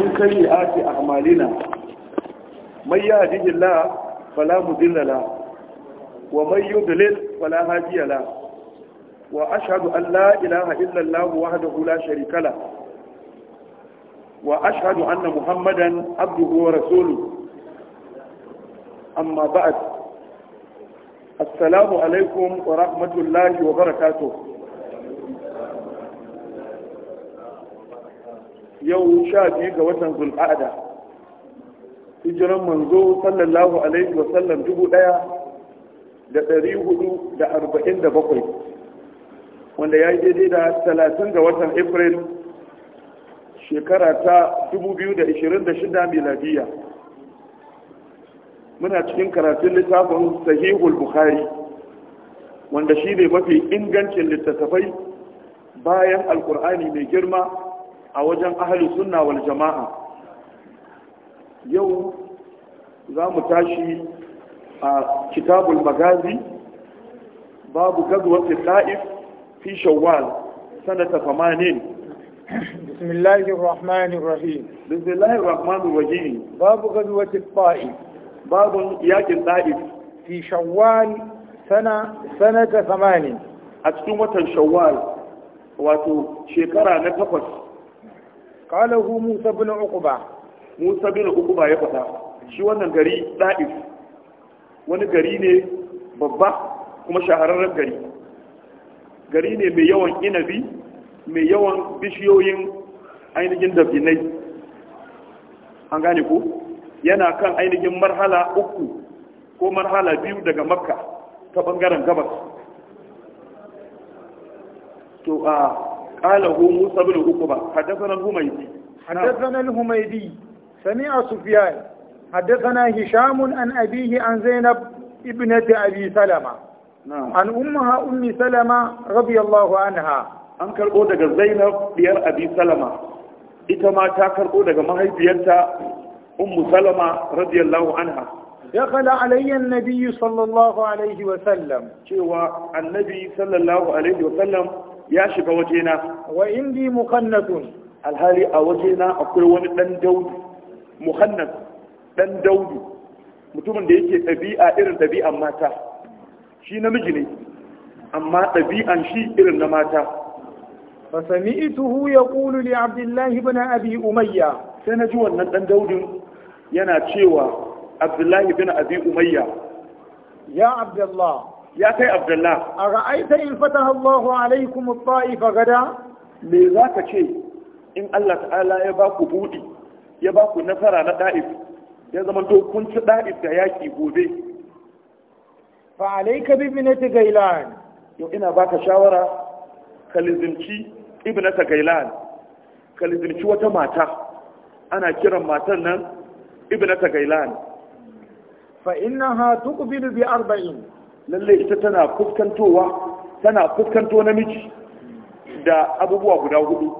من سيئات أعمالنا من يهدي الله فلا مضل له ومن يضلل فلا هادي له وأشهد أن لا إله إلا الله وحده لا شريك له وأشهد أن محمدا عبده ورسوله أما بعد السلام عليكم ورحمة الله وبركاته yau sha biyu ga watan zul'ada hijiran manzo sallallahu alaihi wa sallam dubu daya da ɗari hudu da arba'in da bakwai wanda ya yi daidai da talatin ga watan april shekara ta dubu biyu da ishirin da shida miladiya muna cikin karatun littafin sahihul bukhari wanda shi ne mafi ingancin littattafai bayan alkur'ani mai girma a wajen ahli sunna wal jama'a yau za mu tashi a kitabul magazi babu gazuwar ta'if fi shawwal sanata 80 بسم الله الرحمن الرحيم بسم الله الرحمن الرحيم باب غزوة الطائف باب ياك الطائف في شوال سنة سنة watan أتكون شوال واتو شكرا نتفس hu musa bin uqba musa bin uqba ya fada shi wannan gari da'if wani gari ne babba kuma shahararren gari gari ne mai yawan inabi mai yawan bishiyoyin ainihin dabinai an gane ku? yana kan ainihin marhala uku ko marhala biyu daga makka ta bangaren gabas to a قال هو موسى بن عقبة حدثنا الهميدي حدثنا الهميدي سمع سفيان حدثنا هشام عن أبيه عن زينب ابنة أبي سلمة نعم عن أمها أم سلمة رضي الله عنها an karɓo daga zainab biyar abi salama ita ma ta karɓo daga mahaifiyarta ummu salama radiyallahu anha دخل علي النبي صلى الله عليه وسلم cewa annabi sallallahu alaihi wasallam ya shiga wajena wa indi mukhannatun alhali a wajena akwai wani dan daudu mukhannat dan daudu mutumin da yake ɗabi'a irin ɗabi'an mata shi namiji ne amma ɗabi'an shi irin na mata fa sami'tuhu yaqulu li abdullahi ibn abi umayya sai na ji wannan dan daudin yana cewa abdullahi ibn abi umayya ya abdullah ya kai abdullah a ra'aita in fata allahu alaikum at-ta'ifa gada me za ka ce in Allah ta'ala ya ba ku budi ya ba ku nasara na ɗa'if ya zama dokunci ɗa'if da yaƙi gobe fa alaika bi binati gailan yau ina baka shawara ka lizimci ibnata gailan ka wata mata ana kiran matan nan ibnata gailan fa innaha tuqbilu bi arba'in lalle ita tana fuskantowa tana fuskanto namiji da abubuwa guda hudu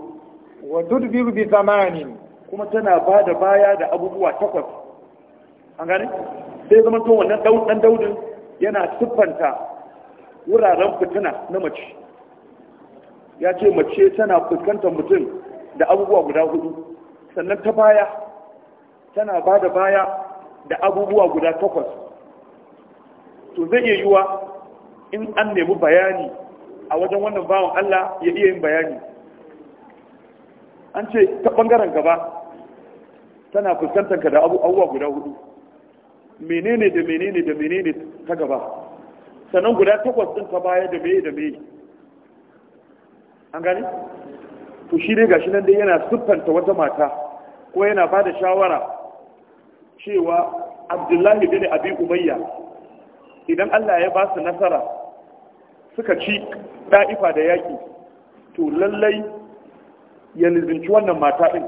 wa tudbiru bi zamanin kuma tana ba da baya da abubuwa takwas an gane sai zama to wannan dan daudin yana siffanta wuraren fitina na mace ya ce mace tana fuskanta mutum da abubuwa guda hudu sannan ta baya tana ba da baya da abubuwa guda takwas to zai iya yiwa in an nemi bayani a wajen wannan bawan Allah ya iya yin bayani an ce ta bangaren gaba tana fuskantar ka da abubuwa guda hudu menene da menene da menene ta gaba sannan guda takwas ɗin ta baya da meye da meye an gani to shi dai gashi nan dai yana siffanta wata mata ko yana ba da shawara cewa abdullahi bin abi umayya idan Allah ya ba su nasara suka ci ɗa'ifa da yaƙi to lallai ya nizinci wannan mata ɗin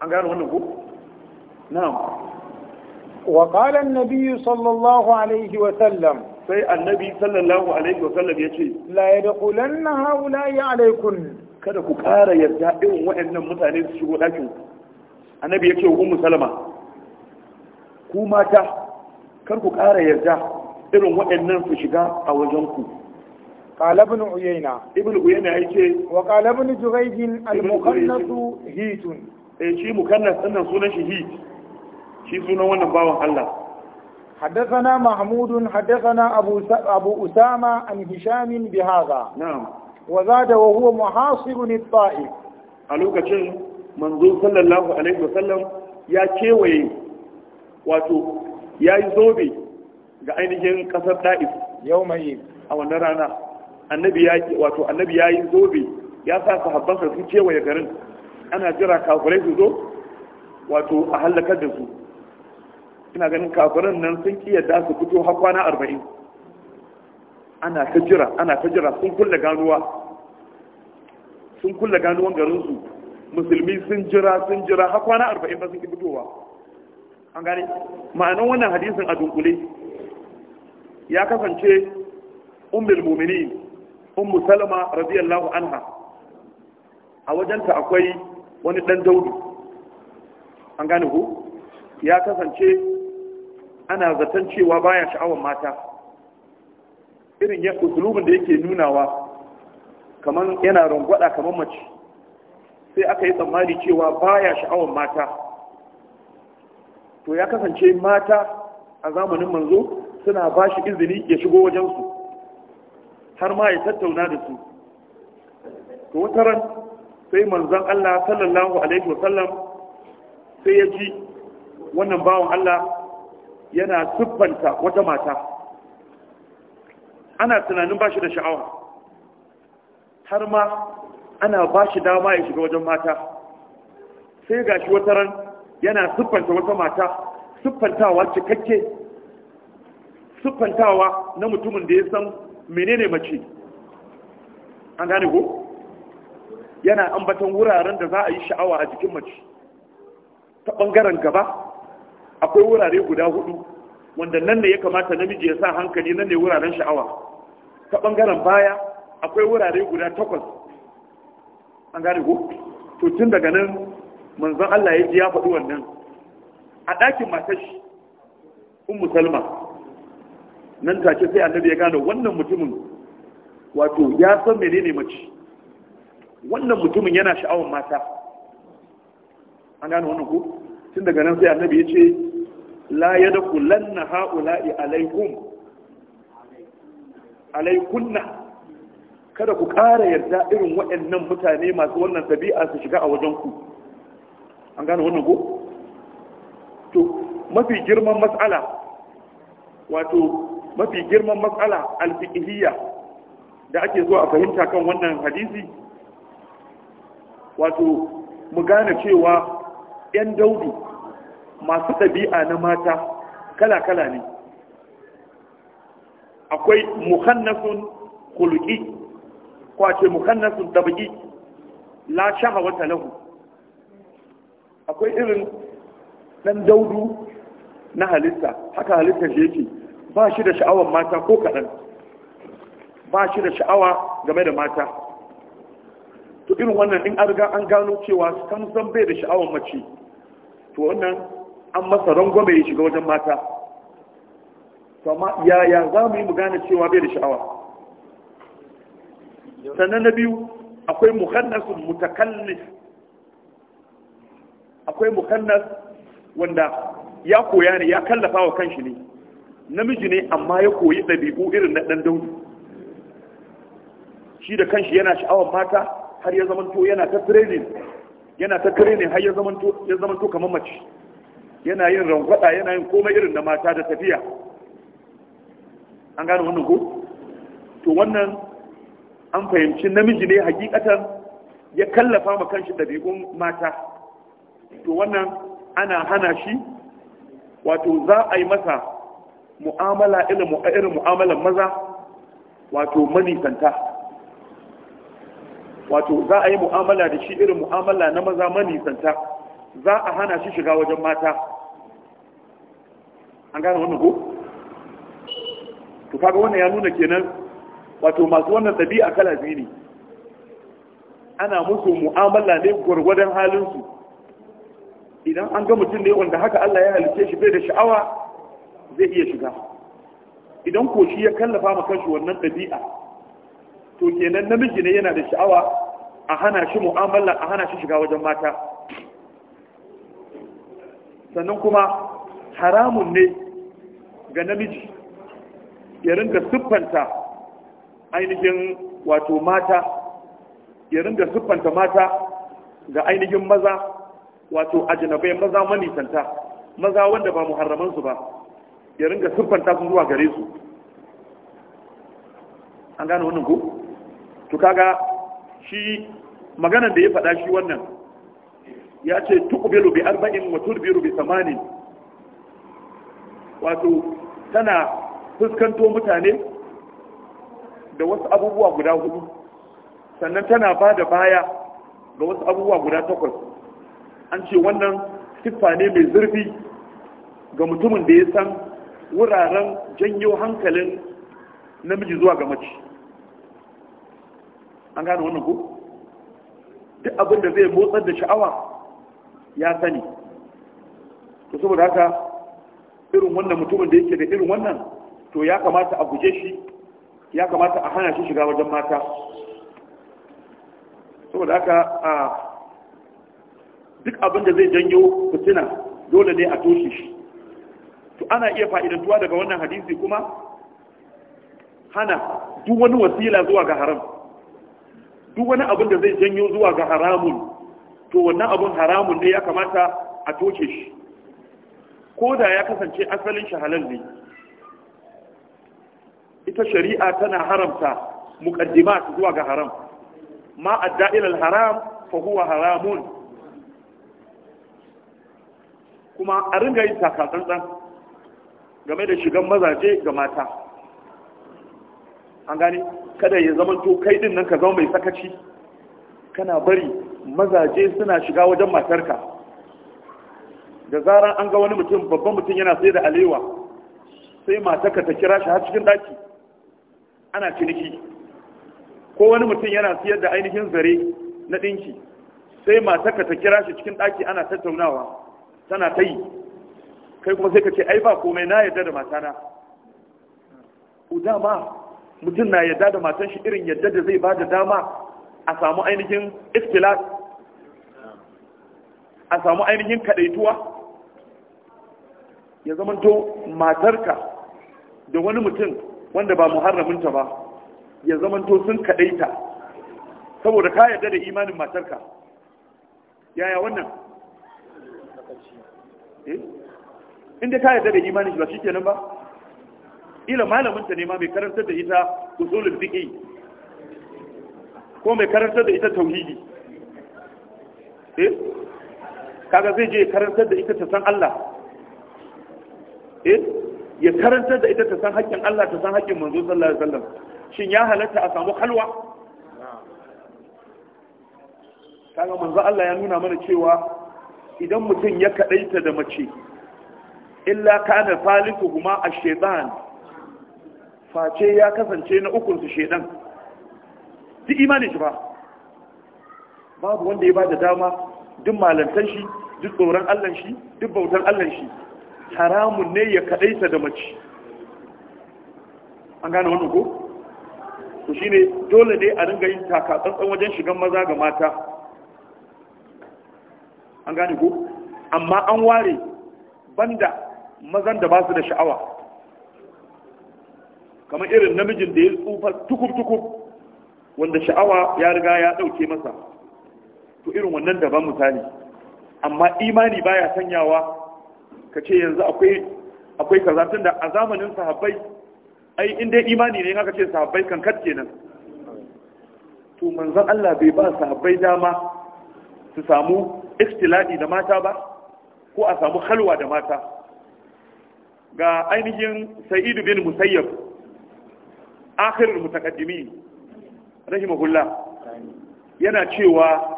an gane wannan ku? na'am وقال النبي Sai Annabi Sallallahu alaihi سي النبي صلى الله عليه وسلم na لا يدخلن yi alaikun. kada ku ƙara yarda irin waɗannan mutane su shigo ɗakin annabi ya ce wa ummu salama ku mata kar ku ƙara yarda irin waɗannan su shiga a wajen ku قال ابن عيينة ابن عيينة يجي وقال ابن جريج المخنث هيت اي شي مخنث سنن سنن شي هيت شي سنن wannan bawan Allah حدثنا محمود حدثنا ابو س... ابو اسامه عن هشام بهذا نعم وزاد وهو محاصر الطائف a lokacin manzo sallallahu alaihi wasallam ya kewaye wato ya yi zobe ga ainihin kasar ɗa'is. yau mai a wannan rana annabi ya wato annabi ya yi zobe ya sa su sahabban su ya garin ana jira kafirai su zo wato a hallakar da su ina ganin kafirin nan sun kiyarda su fito har kwana arba'in ana ta jira ana ta jira sun kulle ganuwa sun kulle ganuwan garinsu musulmi sun jira sun jira har kwana arba'in ba sun ki fitowa an gane ma'anin wannan hadisin a dunkule ya kasance ummul mumini ummu salama radiyallahu anha a wajenta akwai wani dan daudu an gane ku ya kasance ana zaton cewa baya sha'awar mata irin ya usulubin da yake nunawa kamar yana rungwada kamar mace sai aka yi tsammani cewa baya sha'awar mata to ya kasance mata a zamanin manzo suna ba shi izini ya shigo wajensu har ma ya tattauna da su to wata ran sai manzon Allah sallallahu alaihi wasallam sai ya ji wannan bawan Allah yana siffanta wata mata ana tunanin ba shi da sha'awa har ma ana ba shi dama ya shiga wajen mata sai ga shi wata ran yana siffanta wata mata siffantawa cikakke siffantawa na mutumin da ya san menene mace an gane ko yana ambaton wuraren da za a yi sha'awa a jikin mace ta ɓangaren gaba akwai wurare guda hudu wanda nan ne ya kamata namiji ya sa hankali nan ne wuraren sha'awa ta ɓangaren baya akwai wurare guda takwas an gane ko to tun daga nan Manzan Allah ya ji ya faɗi wannan a ɗakin matar shi un salma nan take sai annabi ya gane wannan mutumin wato ya san menene mace wannan mutumin yana sha'awar mata an gane wannan ku? tun daga nan sai annabi ya ce la yadkhulanna ha'ula'i alaikum alaikunna kada ku ƙara yarda irin waɗannan mutane masu wannan tabi'a su shiga a wajen ku an gane wannan ko to mafi girman matsala wato mafi girman matsala alfiqhiyya da ake zuwa a fahimta kan wannan hadisi wato mu gane cewa 'yan daudu masu ɗabi'a na mata kala-kala ne akwai muhannasun kulki kwace muhannasun tabaki la shaha wata lahu akwai irin ɗan daudu na halitta haka halitta shi yake ba shi da sha'awar mata ko kaɗan ba shi da sha'awa game da mata to irin wannan in an an gano cewa samson bai da sha'awar mace to wannan an masa rangwame ya shiga wajen mata to amma yaya za mu yi mu gane cewa bai da sha'awa sannan na biyu akwai muhannasun mutakallif akwai mukannas wanda ya koya ne ya kallafa wa kanshi ne namiji ne amma ya koyi ɗabi'u irin na ɗan daudu shi da kanshi yana sha'awar mata har ya zamanto yana ta training yana ta training har ya zamanto ya zamanto kamar mace yana yin rangwada yana yin komai irin na mata da tafiya an gane wannan ko to wannan an fahimci namiji ne hakikatan ya kallafa ma kanshi ɗabi'un mata to wannan ana hana shi wato za a yi masa mu'amala irin mu'amalan maza wato manisanta wato za a yi mu'amala da shi irin mu'amala na maza manisanta za a hana shi shiga wajen mata an gane wannan ko? to kaga wannan ya nuna kenan wato masu wannan ɗabi'a kala biyu ne ana musu mu'amala ne gwargwadon halinsu idan an ga mutum ne wanda haka Allah ya halice shi bai da sha'awa zai iya shiga idan ko shi ya kallafa ma kanshi wannan ɗabi'a to kenan namiji ne yana da sha'awa a hana shi mu'amala a hana shi shiga wajen mata sannan kuma haramun ne ga namiji ya ringa siffanta ainihin wato mata ya ringa siffanta mata ga ainihin maza wato ajnabai maza manisanta maza wanda ba muharraman su ba ya ringa siffanta sun zuwa gare su an gane wannan ko to kaga shi maganar da ya faɗa shi wannan ya ce tuqbilu bi arba'in wa turbiru bi samanin wato tana fuskanto mutane da wasu abubuwa guda hudu sannan tana ba da baya ga wasu abubuwa guda takwas an ce wannan siffa ne mai zurfi ga mutumin da ya san wuraren janyo hankalin namiji zuwa ga mace an gane wannan ko duk abin da zai motsar da sha'awa ya sani to saboda haka irin wannan mutumin da yake da irin wannan to ya kamata a guje shi ya kamata a hana shi shiga wajen mata saboda haka a duk abin da zai janyo fitina dole ne a toshe shi to ana iya fa'idantuwa daga wannan hadisi kuma hana duk wani wasila zuwa ga haram duk wani abin da zai janyo zuwa ga haramun to wannan abin haramun ne ya kamata a toshe shi ko da ya kasance asalin shi halal ne ita shari'a tana haramta muqaddimat zuwa ga haram ma adda ila haram fa huwa haramun kuma a ringa yin takatsantsan game da shigan mazaje ga mata an gani kada ya zama to kai din nan ka zama mai sakaci kana bari mazaje suna shiga wajen matarka da zarar an ga wani mutum babban mutum yana sai da alewa sai matarka ta kira shi har cikin daki ana ciniki ko wani mutum yana siyar da ainihin zare na dinki sai matarka ta kira shi cikin daki ana tattaunawa tana ta yi kai kuma sai ka ce ai ba komai na yadda da matana ku dama mutum na yadda da matan shi irin yadda da zai ba da dama a samu ainihin istilas a samu ainihin kadaituwa ya zamanto matarka da wani mutum wanda ba muharraminta ba ya zamanto sun kadaita saboda ka yadda da imanin matarka yaya wannan eh inda ka yarda da imanin shi ba shi kenan ba ila malamin ta ne ma mai karantar da ita usulul fiqh ko mai karantar da ita tauhidi eh kaga zai je karantar da ita ta san Allah eh ya karantar da ita ta san haƙƙin Allah ta san haƙƙin manzo sallallahu alaihi wasallam shin ya halatta a samu halwa kaga manzo Allah ya nuna mana cewa idan mutum ya kaɗaita da mace illa kana falifu kuma a shaitan face ya kasance na ukunsu shaitan duk imanin shi ba babu wanda ya ba da dama duk malantar shi duk tsoron allan shi duk bautar allan shi haramun ne ya kaɗaita da mace an gane wannan ko? shi ne. dole ne a ringa yin takatsantsan wajen shigan maza ga mata an gane ko amma an ware banda mazan da ba su da sha'awa kamar irin namijin da ya tsufa tukub-tukub wanda sha'awa ya riga ya ɗauke masa to irin wannan daban misali amma imani baya sanyawa ka ce yanzu akwai akwai kaza tunda a zamanin sahabbai ai in dai imani ne haka ce sahabbai kan katke nan, to manzan Allah bai ba sahabbai dama su samu istiladi da mata ba ko a samu halwa da mata ga ainihin sa'idu bin musayyab akhirul mutaqaddimin rahimahullah yana cewa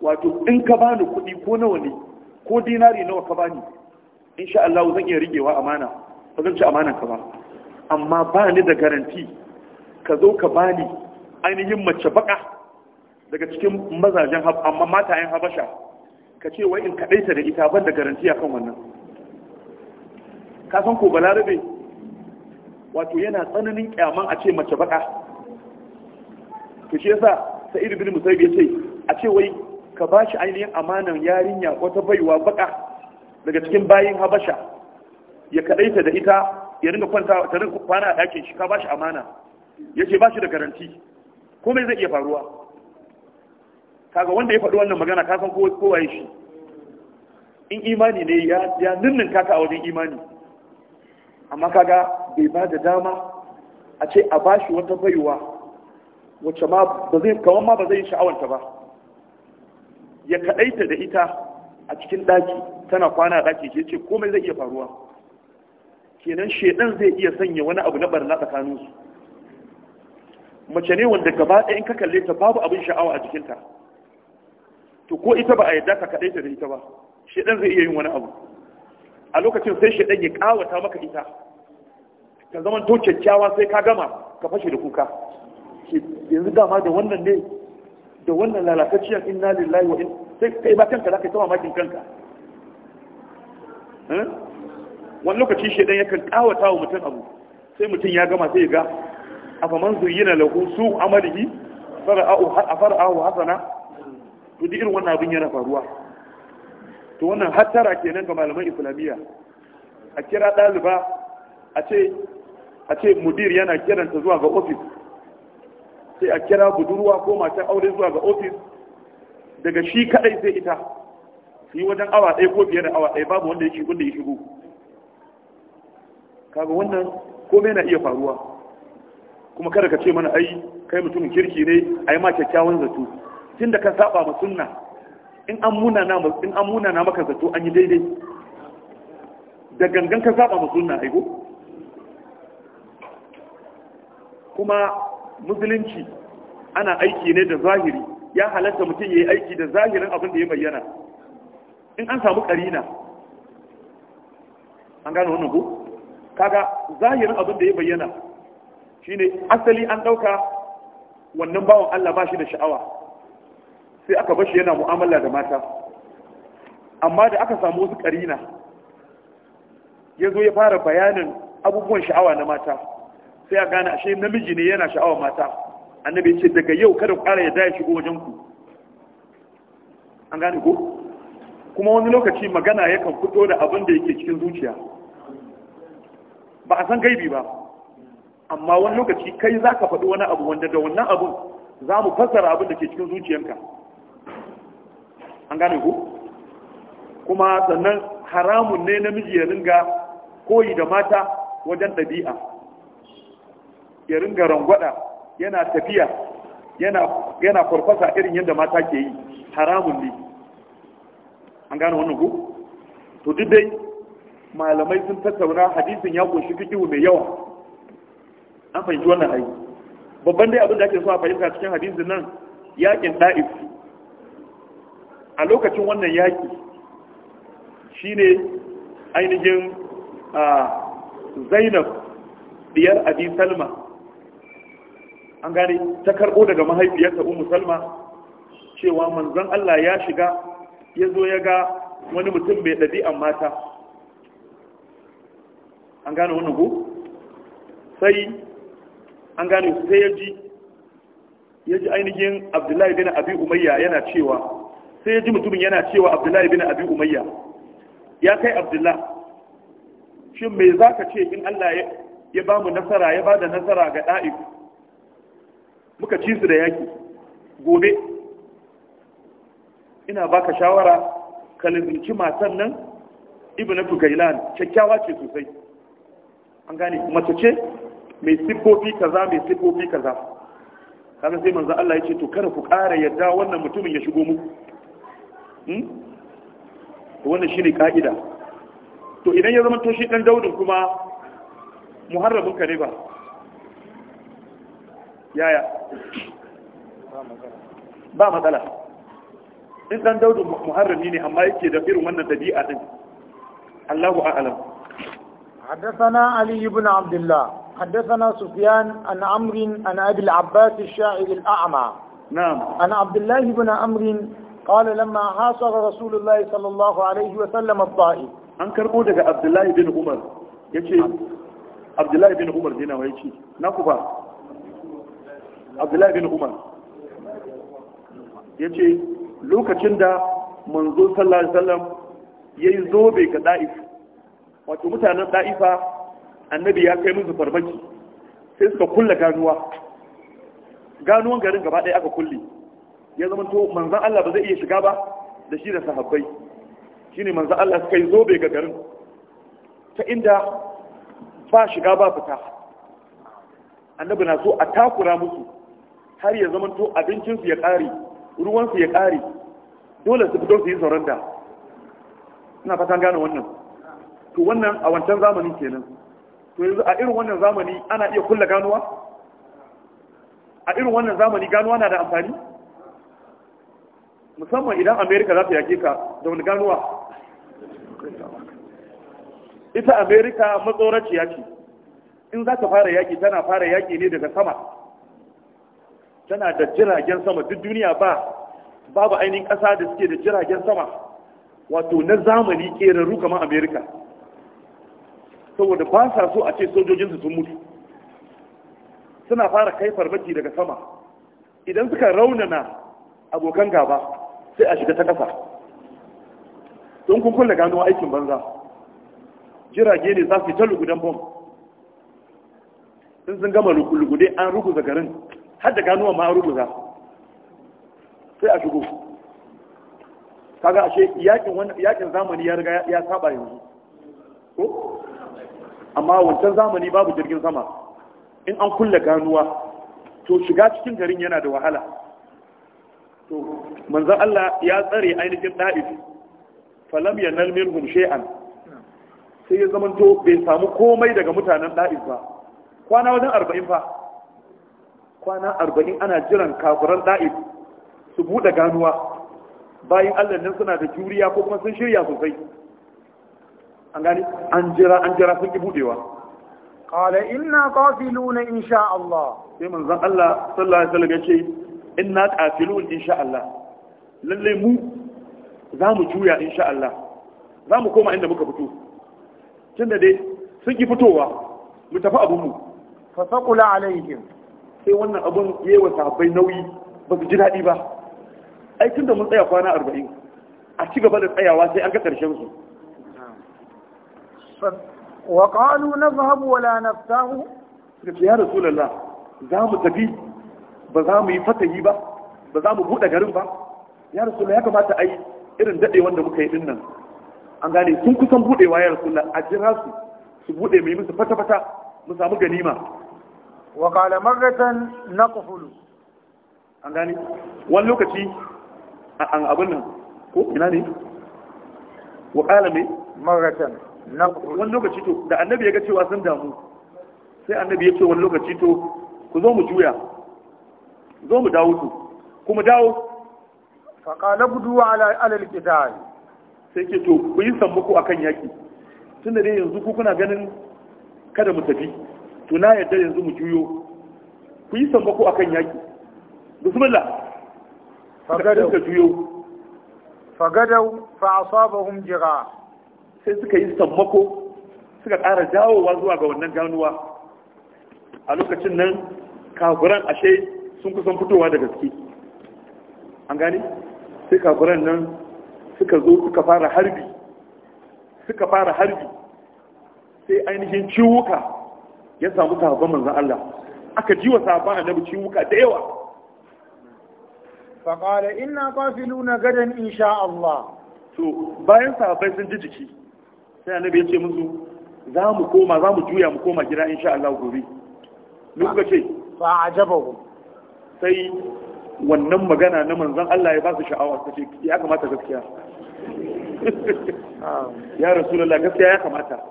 wato in ka bani kuɗi ko nawa ne ko dinari nawa ka bani insha Allah zan iya rigewa amana ba zan ci amanan ka ba amma ba ni da garanti ka zo ka bani ainihin mace baka daga cikin mazajen amma matayen habasha ka ce wai in ta da ita ban da a kan wannan kasan ko balarabe wato yana tsananin kyaman a ce mace baka to shi sa sa'id bin musaib ya ce a ce wai ka bashi ainihin amanan yarinya wata baiwa baka daga cikin bayin habasha ya ta da ita ya rinka kwanta ta rinka kwana a ɗakin shi ka bashi amana ya ce ba shi da garanti komai zai iya faruwa kaga wanda ya faɗi wannan magana ka san kowa ya shi in imani ne ya ninnin kaka a wajen imani amma kaga bai ba da dama a ce a bashi wata baiwa wacce ma ba zai kawan ma ba zai sha'awanta ba ya kaɗaita da ita a cikin ɗaki tana kwana a ɗaki ce komai zai iya faruwa kenan shaidan zai iya sanya wani abu na barna tsakaninsu mace ne wanda gaba ɗaya in ka kalle ta babu abin sha'awa a jikinta to ko ita ba a yadda ka kaɗaita da ita ba shedan zai iya yin wani abu a lokacin sai shedan ya ƙawata maka ita ka zama to kyakkyawa sai ka gama ka fashe da kuka yanzu dama da wannan ne da wannan lalatacciyar inna lillahi wa inna sai ka ba kanka za ka yi ta mamakin kanka eh? wani lokaci shaidan yakan kawata wa mutum abu sai mutum ya gama sai ya ga afaman zuyyina lahu su amalihi fara'ahu hasana to duk irin wannan abin yana faruwa to wannan hattara kenan ga malaman islamiyya a kira ɗaliba a ce a ce mudir yana kiranta zuwa ga ofis sai a kira budurwa ko matan aure zuwa ga ofis daga shi kadai sai ita su yi wajen awa ɗaya ko biyar da awa ɗaya babu wanda ya shigo da ya kaga wannan komai na iya faruwa kuma kada ka ce mana ai kai mutumin kirki ne ai ma kyakkyawan zato tun da ka saba ma sunna in an muna na maka zato an yi daidai da gangan ka saba ma sunna aiko kuma musulunci ana aiki ne da zahiri ya halatta mutum ya yi aiki da zahirin abin da ya bayyana in an samu karina an gano wannan ko kaga zahirin abin da ya bayyana shine asali an dauka wannan bawan Allah ba shi da sha'awa sai aka bashi yana mu'amala da mata amma da aka samu wasu karina ya zo ya fara bayanin abubuwan sha'awa na mata sai a gane ashe namiji ne yana sha'awa mata annabi ce daga yau kada ku ƙara yadda ya shigo wajen ku an gane ko kuma wani lokaci magana yakan fito da abin da yake cikin zuciya ba a san gaibi ba amma wani lokaci kai za ka faɗi wani abu wanda da wannan abun za mu fassara abin da ke cikin zuciyanka an gane ku kuma sannan haramun ne namiji ya ringa koyi da mata wajen ɗabi'a ya ringa rangwada yana tafiya yana farfasa irin yadda mata ke yi haramun ne an gane wannan ku to duk dai malamai sun tattauna hadisin ya kunshi fikihu mai yawa an fahimci wannan ayi babban dai abin da ake so a fahimta cikin hadisin nan yakin da'if a lokacin wannan yaƙi shine ainihin zainab diyar abin salma an gane ta karbo daga mahaifiyarta umu salma cewa manzon allah ya shiga ya zo ya ga wani mutum mai ɗabi'an mata an gane wani ku sai an gane sai ya ji ya ji ainihin abdullahi bin abi umayya yana cewa sai ya ji mutumin yana cewa abdullahi bin abi umayya ya kai abdullah shin me za ka ce in allah ya ba mu nasara ya ba da nasara ga ɗa'if muka ci su da yaki gobe ina baka shawara ka lizinci matan nan ibn fugailan kyakkyawa ce sosai an gane mace ce mai siffofi kaza mai siffofi kaza kaga sai manzo Allah ya ce to kada ku ƙara yadda wannan mutumin ya shigo muku Hmm? wannan shi ne ka'ida to idan ya zama to ɗan daudin kuma muharrabin ka ne ba yaya ba matsala in ɗan daudin muharrabi ne amma yake da irin wannan dabi'a din Allahu a'lam حدثنا علي بن عبد الله حدثنا سفيان عن عمرو عن ابي العباس الشاعر الاعمى نعم عن عبد الله بن عمرو قال لما حاصر رسول الله صلى الله عليه وسلم الطائي an karbo daga abdullahi bin umar ya ce abdullahi bin umar dina wa ya ce na ku abdullahi bin umar ya ce lokacin da manzo sallallahu ya yi zobe ga da'if wato mutanen da'ifa annabi ya kai musu farmaki sai suka kulle ganuwa ganuwan garin gaba ɗaya aka kulle ya zama to manzan Allah ba zai iya shiga ba da shi da sahabbai Shi ne manzan Allah suka yi zobe ga garin ta inda ba shiga ba fita annabi na so a takura musu har ya zama to abincinsu ya ƙare ruwansu ya ƙare dole su fito su yi da ina fatan gane wannan to wannan a wancan zamani kenan to yanzu a irin wannan zamani ana iya kulla ganuwa a irin wannan zamani ganuwa na da amfani musamman idan amerika za ta yake ka da wani ganuwa ita amerika matsoraciya ce in za ta fara yaƙi tana fara yaƙi ne daga sama tana da jiragen sama duk duniya ba babu ainihin ƙasa da suke da jiragen sama wato na zamani ƙerarru kamar amerika saboda ba sa so a ce sojojinsu sun mutu suna fara kai farmaki daga sama idan suka raunana abokan gaba sai a shiga ta kasa. don kun kulle gano aikin banza jirage ne za su yi ta lugudan bom in sun gama lugudai, an ruguza garin har da ganuwa ma an ruguza sai a shigo kaga ashe yakin zamani ya riga ya saba yanzu ko amma wancan zamani babu jirgin sama in an kulle ganuwa to shiga cikin garin yana da wahala to manzon Allah ya tsare ainihin da'if falam yanal minhum shay'an sai ya zamanto bai samu komai daga mutanen da'if ba kwana wajen arba'in fa kwana arba'in ana jiran kafiran da'if su buɗe ganuwa bayan Allah nan suna da juriya ko kuma sun shirya sosai an gani an jira an jira sun ki buɗewa. قال إنا قافلون إن شاء الله sai manzon Allah sallallahu alaihi wasallam yace Ina qafilun insha Allah Lallai mu za mu juya insha Allah za mu koma inda muka fito tunda dai sun ki fitowa mu tafi abun mu fa saqula alaihim sai wannan abun yayi wa nauyi ba su ji daɗi ba ai tunda mun tsaya kwana arba'in. a ci gaba da tsayawa sai an ga karshen su wa qalu nadhhabu wala naftahu ya rasulullah za mu tafi ba za mu yi fatahi ba ba za mu buɗe garin ba ya rasu ya kamata a yi irin daɗe wanda muka yi ɗin nan an gane sun kusan buɗewa ya rasu a jira su su buɗe mai musu fata-fata mu samu ganima wa kala marratan na kuhulu an gane wani lokaci A abin nan ko ina ne wa kala mai marratan na kuhulu wani lokaci to da annabi ya ga cewa sun damu sai annabi ya ce wani lokaci to ku zo mu juya zo mu dawo su kuma dawo faƙala budu ala alal qital sai ke to ku yi sammuku akan yaki tunda dai yanzu ku kuna ganin kada mu tafi to na yadda yanzu mu juyo ku yi sammuku akan yaki bismillah fagadau ka juyo fagadau fa asabahum jira sai suka yi sammako suka ƙara dawowa zuwa ga wannan ganuwa a lokacin nan kafiran ashe sun kusan fitowa da gaske an gane sai kafiran nan suka zo suka fara harbi suka fara harbi sai ainihin ciwuka ya samu sahabban manzan Allah aka ji wa sahabban annabi ciwuka da yawa faƙala ina na gadon insha Allah to bayan sahabbai sun ji jiki sai annabi ya ce musu za mu koma za mu juya mu koma gida insha Allah gobe ne kuka ce fa ajabahu sai wannan magana na manzan Allah ya ba su sha'awa ta ce ya kamata gaskiya ya rasulullah gaskiya ya kamata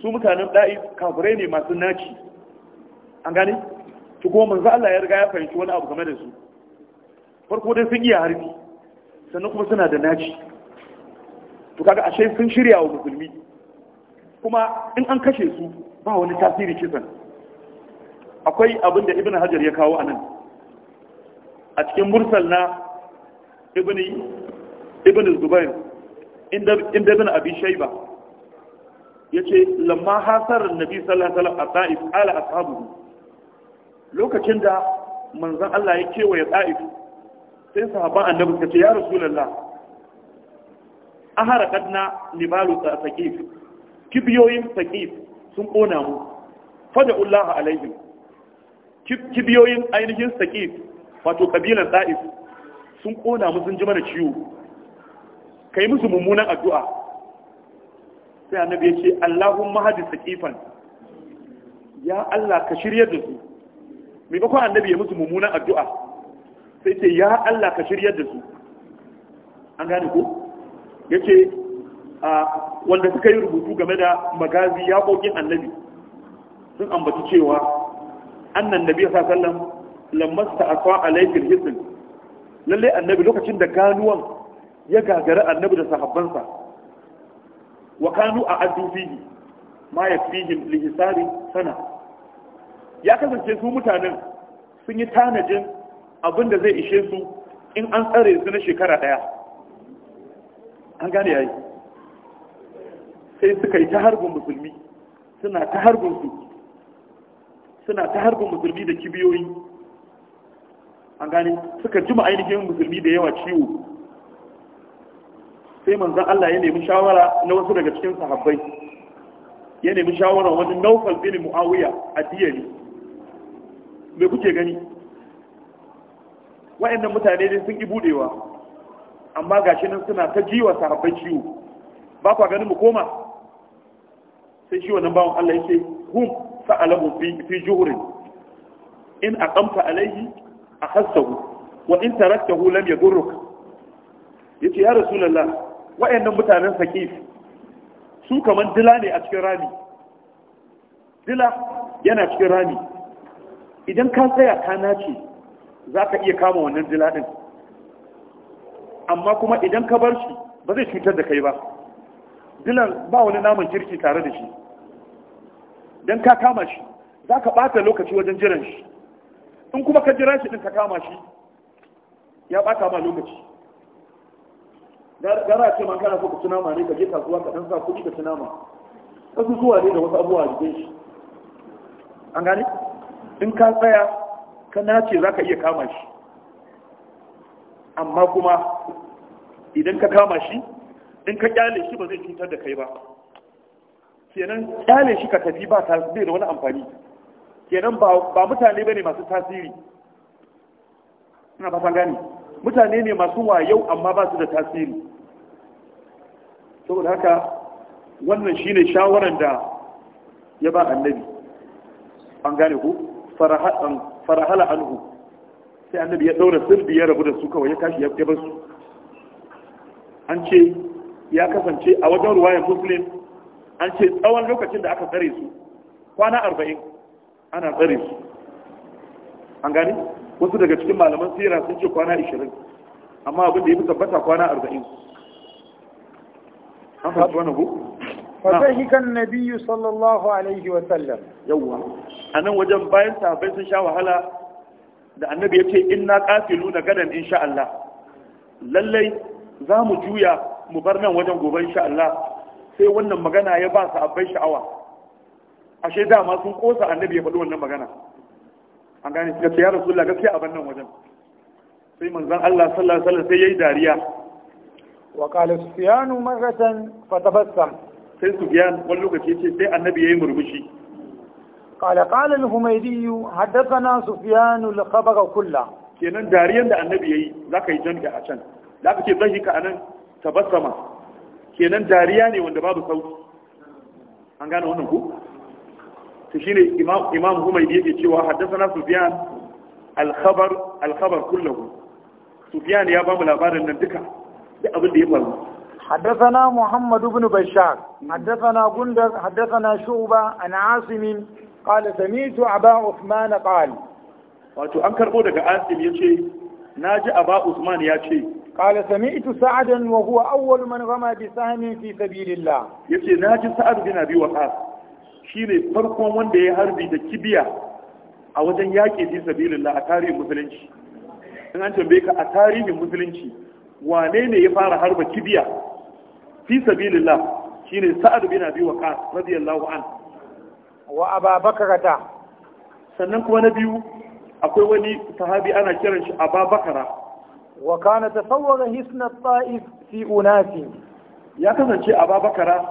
su mutanen da'i kafirai ne masu naci an gane to kuma manzan Allah ya riga ya fahimci wani abu game da su farko dai sun iya harbi sannan kuma suna da naci to kaga ashe sun shirya wa musulmi kuma in an kashe su ba wani tasiri kisan akwai abin da ibn hajar ya kawo anan a cikin mursal na ibn zubair inda ibn abi shaiba ya ce lamma hasar nabi sallallahu alaihi wasallam a ta'if ala lokacin da manzon Allah ya kewaye ta'if sai sahaban annabi suka ce ya rasulullah ahara kadna nibalu saqif kibiyoyin saƙi sun kona mu fada Allah alaihim kibiyoyin ainihin saƙi wato ƙabilan ɗa'if sun ƙona musu jima da ciwo ka yi musu mummunan addu'a sai annabi ya ce allahun mahadi saƙifan ya allah ka shirya da su maimakon annabi ya musu mummunan addu'a sai ce ya allah ka shirya da su an gane ko ya ce wanda suka yi rubutu game da magazi ya ƙoƙin annabi sun ambaci cewa annan nabi sallallahu alaihi wasallam lamma sta'aqa alaykal hisin, lalle annabi lokacin da ganuwan ya gagara annabi da sahabbansa wa kanu a addu fihi ma yafihim lihisari sana ya kasance su mutanen sun yi tanajin abinda zai ishe su in an tsare su na shekara daya an gane yayi sai suka yi ta harbin musulmi suna ta harbin su suna ta harbin musulmi da kibiyoyi an gane suka jima ainihin musulmi da yawa ciwo sai manzan Allah ya nemi shawara na wasu daga cikin sahabbai ya nemi shawara wani naufal bin muawiya a diyari me kuke gani wa'annan mutane dai sun ki budewa amma shi nan suna ta jiwa sahabbai ciwo ba kwa ganin mu koma sai shi wannan bawon Allah yake hum sa'alahu fi juhurin in aqamta alaihi ahassahu wa in taraktahu lam yadurruk yace ya rasulullah wayannan mutanen saqif su kaman dila ne a cikin rami dila yana cikin rami idan ka tsaya ka nace zaka iya kama wannan dila din amma kuma idan ka bar shi ba zai cutar da kai ba dilan ba wani naman kirki tare da shi don ka kama shi za ka ɓata lokaci wajen jiran shi in kuma ka jira shi din ka kama shi ya ɓata ma lokaci gara ce man kana so ka tunama ne ka je kasuwa ka dan sa kuɗi ka tunama wasu zuwa ne da wasu abubuwa a jikin shi an gane in ka tsaya ka nace za ka iya kama shi amma kuma idan ka kama shi in ka kyale shi ba zai cutar da kai ba kenan kyale shi ka tafi ba ta bai da wani amfani kenan ba mutane bane masu tasiri ina fatan gani mutane ne masu wayau amma ba su da tasiri saboda haka wannan shine shawaran da ya ba annabi an gane ku farahala anhu sai annabi ya daura sirbi ya rabu da su kawai ya tashi ya bar su an ce ya kasance a wajen ruwayan muslim an ce tsawon lokacin da aka tsare su kwana arba'in ana tsare su an gani wasu daga cikin malaman tsira sun ce kwana ashirin amma abin da ya fi tabbata kwana arba'in an fahimci wannan ku فضحك النبي صلى الله عليه yawwa A nan wajen bayan sahabbai sun sha wahala da annabi ya ce in na kafilu na gadan insha Allah lallai za mu juya mu bar nan wajen gobe insha Allah sai wannan magana ya ba su abai sha'awa ashe dama sun kosa annabi ya faɗi wannan magana an gane suka ce ya rasulullah gaskiya a bannan wajen sai manzon Allah sallallahu alaihi wasallam sai yayi dariya wa qala sufyanu marratan fatabassam sai sufyan wani lokaci ce sai annabi yayi murmushi قال haddasa na حدثنا سفيان الخبر kula. kenan dariyan da annabi yayi zaka yi jami'a a can zaka ce dhahika anan tabassama kenan dariya ne wanda babu sauti an gane wannan ku to shine imam imam humaydi yake cewa Haddasa na Sufiyan khabar al-khabar kullahu Sufiyan ya bamu labarin nan duka da abin da ya faru Haddasa Muhammadu bin حدثنا محمد بن بشار حدثنا جندر حدثنا شعبة عن عاصم قال a ba Usman قال wato an karbo daga asim ya ce na ji a ba usman ya ce قال سمعت سعدا وهو اول من رمى بسهم في سبيل الله يجي ناجي سعد بن ابي وقاص شيني فرقون وان دي هربي دا كبيا ا جن ياكي في سبيل الله أتاري مسلنشي in an tambaye ka a tarihin musulunci wane ne ya fara harba kibiya fi sabilillah shine sa'ad bin abi waqas radiyallahu an wa ababakarata sannan kuma na biyu akwai wani sahabi ana kiran shi ababakara kana tasawwara hisna ta'if fi أناس ya kasance a babakara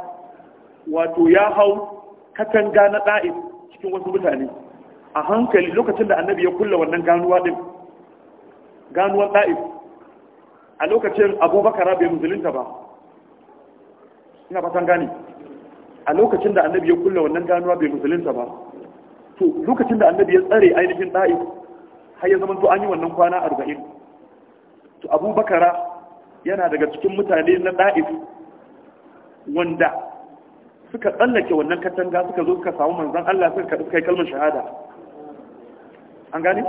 wato ya hau katanga na ɗa'if cikin wasu mutane a hankali lokacin da annabi ya kulla wannan ganuwa ɗin ganuwan ɗa'if a lokacin abubakara bai musulunta ba ina fatan gane. a lokacin da annabi ya kulla wannan ganuwa bai musulunta ba to lokacin da annabi ya tsare ainihin ɗa'if har ya zama to an yi wannan kwana arba'in to abubakara yana daga cikin mutane na ɗa'if wanda suka tsallake wannan katanga suka zo suka samu manzan Allah suka kaɗu kai kalmar shahada an gane